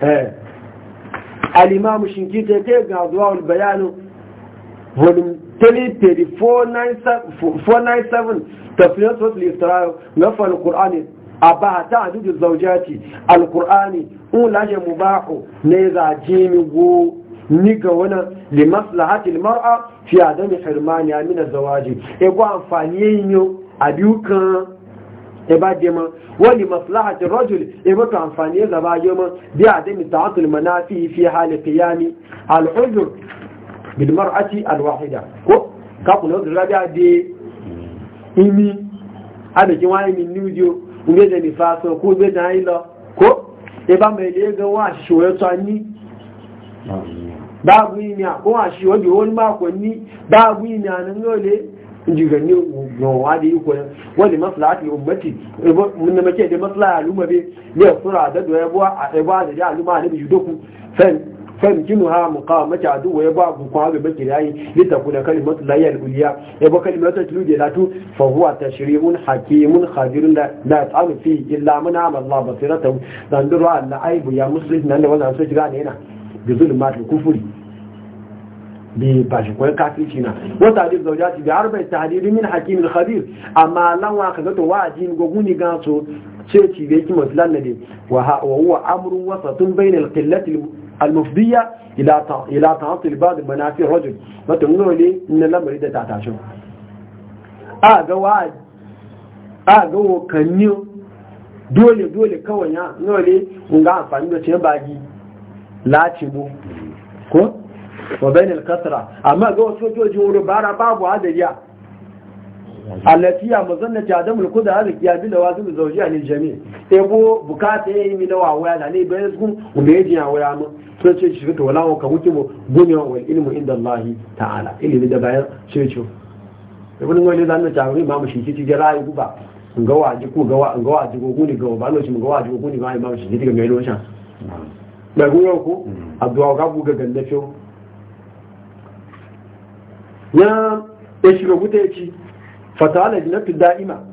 eh. al-imam shinkita ta ga zuwa al bayanu volume 497. tafsirin suratul isra na fal qur'ani aba ta adudu zawjati al qur'ani ula ya mubahu ne za jimi go ni ga wani li maslahati al mar'a fi adami hirmani min az e go amfani yin a dukan e ba de ma wani maslahati rajul e ba to amfani ya zaba yo ma bi adami ta'atul manafi fi hali qiyami al uzr bil mar'ati al wahida ko ka kula da rabi'a de imi adòkí wọ́n imi ní ìdí orílẹ̀-èdè nìfà sọ kó gbé ko eba lọ kó ẹbá mẹ́lẹ̀ ẹgbẹ́ wọ́n àṣìṣò ẹ̀tọ́ ní báàbù a àkóhùn àṣìṣò òdì ó ní máa kò ní báàbù a na ìjìgà ní ògbọ̀n wádìí ikú ẹ̀ wọ́n lè mọ́sílá àti ògbẹ́tì ẹgbẹ́ mọ́sílá ya ní kan jinu ha mu ka mace a duk waye ba ku kwa ga baki dai ya ba kalimatu ta tudu da tu fa huwa da da tsamu fi illa mana Allah basirata dan duru an da aibu da wanda su jira ne na bi zulmat ku kufuri bi ba shi ko ka kici na wa ta dai zauja ci da arba'i tahdidi min hakimul khabir amma lan wa ka zato wajin goguni ga so ce ci be ki masalan ne wa ha wa huwa amru wasatun المفضية إلى إلى تعطي بعض منافع الرجل ما تقولوا لي إن لم يريد تعتاشم أجوا أجوا كنيو dole dole kawai ya nole ga amfani da cikin bagi lacibo ko wa bainal kasra amma ga wasu joji wuri bara babu hadariya alatiya muzannati adamul kuda haziki ya bila wasu zawjiya lil jami' ebo bukata yi mi na wawaya da ne bayan sun umbe yaji ya waya mu sun ce shi fito wala ka na mu gune wa ilmu inda Allah ta'ala ilimi da bayan cece ibn ngoli zan ta wuri ma mu shi kici ga rayu guba ga waji ko ga ga waji ko gune ga ba lokaci ga ko ba shi kici ga mai lokacin da ko ga bu ga ya ya shiga gute ci fatala jinatu da'ima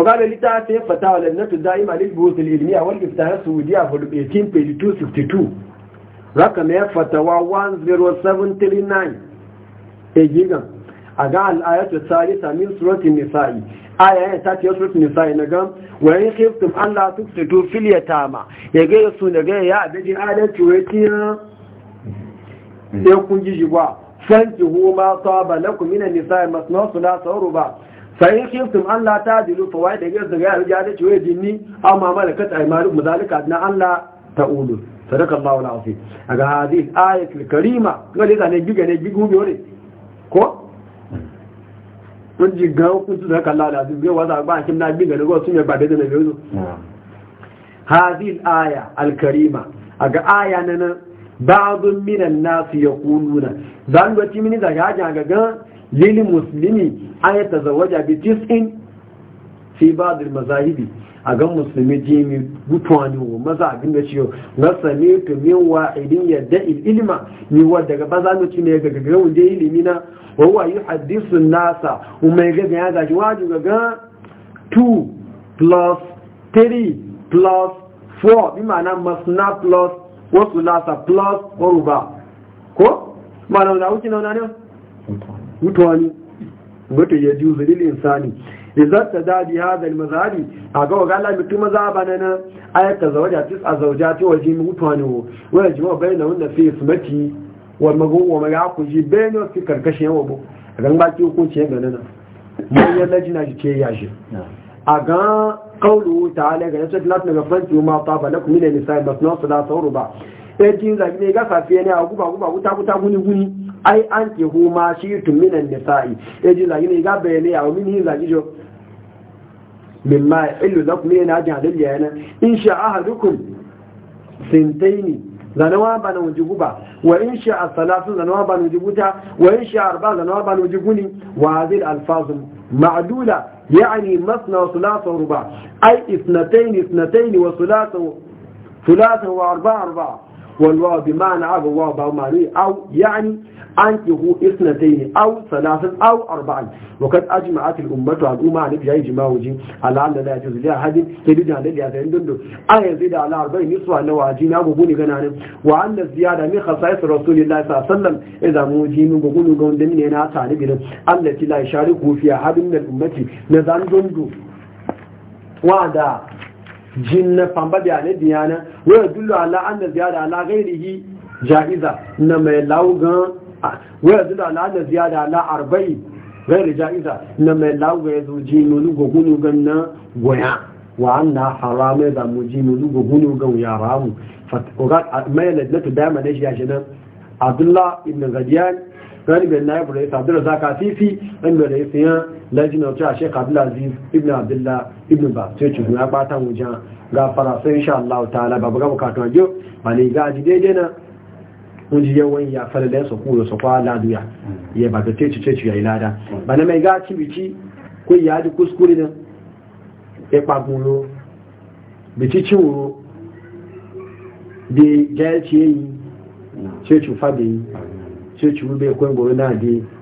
وقال لي لتعطي فتاوى لجنة الدائمة للبحوث العلمية والإفتاء السعودية في 1862 رقم فتاوى 10739 إجيغا أقع الآية الثالثة من سورة النساء آية تاتي سورة النساء نقام وإن خفتم أن لا تفسدوا في اليتامى يجي يجي يا بجي آية تويتيا يكون جيجوا فانتهوا ما طاب لكم من النساء مثنى ثلاثة ورباع sayin kiftin Allah ta dilu fawai da gaza ya rija da ciwe jinni amma malakat aymaru muzalika na Allah ta'ulu sadaka Allahu al A aga hadith ayatul karima gole zane giga ne gigu biyo ne ko kun ji ga kun su sadaka Allah al-azim ga waza ba kin na giga ne go sun ya bade da ne yozo hadith aya al-karima aga aya nan ba'dun minan nas yaquluna dan wati mini daga ga ga lil muslimi an ya tazawaja bi tis'in fi ba al mazahibi a gan musulmi ji mi gutuwani wa maza abin da ciyo na sami to min wa idin yadda ilima ni wa daga baza mu ne ga ga wanda ilimi na wa wa yuhaddisu nasa umma ga ga ga waju ga ga 2 plus 3 plus 4 bi ma'ana masna plus wasu nasa plus oruba ko ma'ana da wuce na wani ne mutuwani mutu ya ji zulil insani za ta dadi hada mazari a ga wagala mutu maza ba na ayyaka zawaja tis a zauja ta waje mutuwani wo wani jima bai na wanda fi mati wa magowa mai ku ji bai ne fi karkashin yawa ba. a gan baki hukunci yadda na nan mai yadda jina ji ce ya a ga ta ta'ala ga yasa ba na kuma ne ma ta balakum min nisa'i basna ba. ruba eh jin zafi ne ga safiya ne a guba guba guta guta guni guni ai an ke huma shi tun minan nisa'i ya ji zagi ne ga bayane a min yin zagi jo min ma illu lakum yana jin halil ya yana in sha ahadukum sintaini zanawa ba na wujugu ba wa in sha asalafin zanawa ba na wujugu ta wa in sha arba zanawa ba na wujugu ne wa hazil alfazun ma'adula yani masna wa sulasa ruba ai isnataini isnataini wa sulasa sulasa wa arba arba والواو بمعنى أب الواو بمعنى أو يعني أنكه إثنتين أو ثلاثة أو أربعة وقد أجمعت الأمة والأمة عن إبجاء جماع وجين على أن لا يجوز لها هذه تريد أن يلي أثنين دندو أن يزيد على أربعين نصف أنه أجين أبو بني غنان وأن الزيادة من خصائص رسول الله صلى الله عليه وسلم إذا موجين وقول لهم دمين هنا تعليق التي لا يشاركه فيها هذه من الأمة نظام دندو وعدا jinna famba da ne diyana wa dullu ala anna ziyada ala ghairihi jaiza na mai laugan wa dullu ala anna ziyada ala arba'i ghairi jaiza na mai lauga ya zuji mulu gogunu ganna goya wa anna harama da muji mulu gogunu gan ya ramu faturat mai ladnatu dama da shi ya shinan abdullah ibn gadiyan gani na naib rais abdullah zakatifi dan da rais yan lẹ́jìnà tí a ṣe kàbílàzí ibn abdullá ibn ba tí ó ti gùn apáta ga farasai insha Allah ta'ala babu gaba katon yau ga ji daidai na wunji yawan ya falalai su kuro su kwa laduya ya na mai ko ya da yi bai na da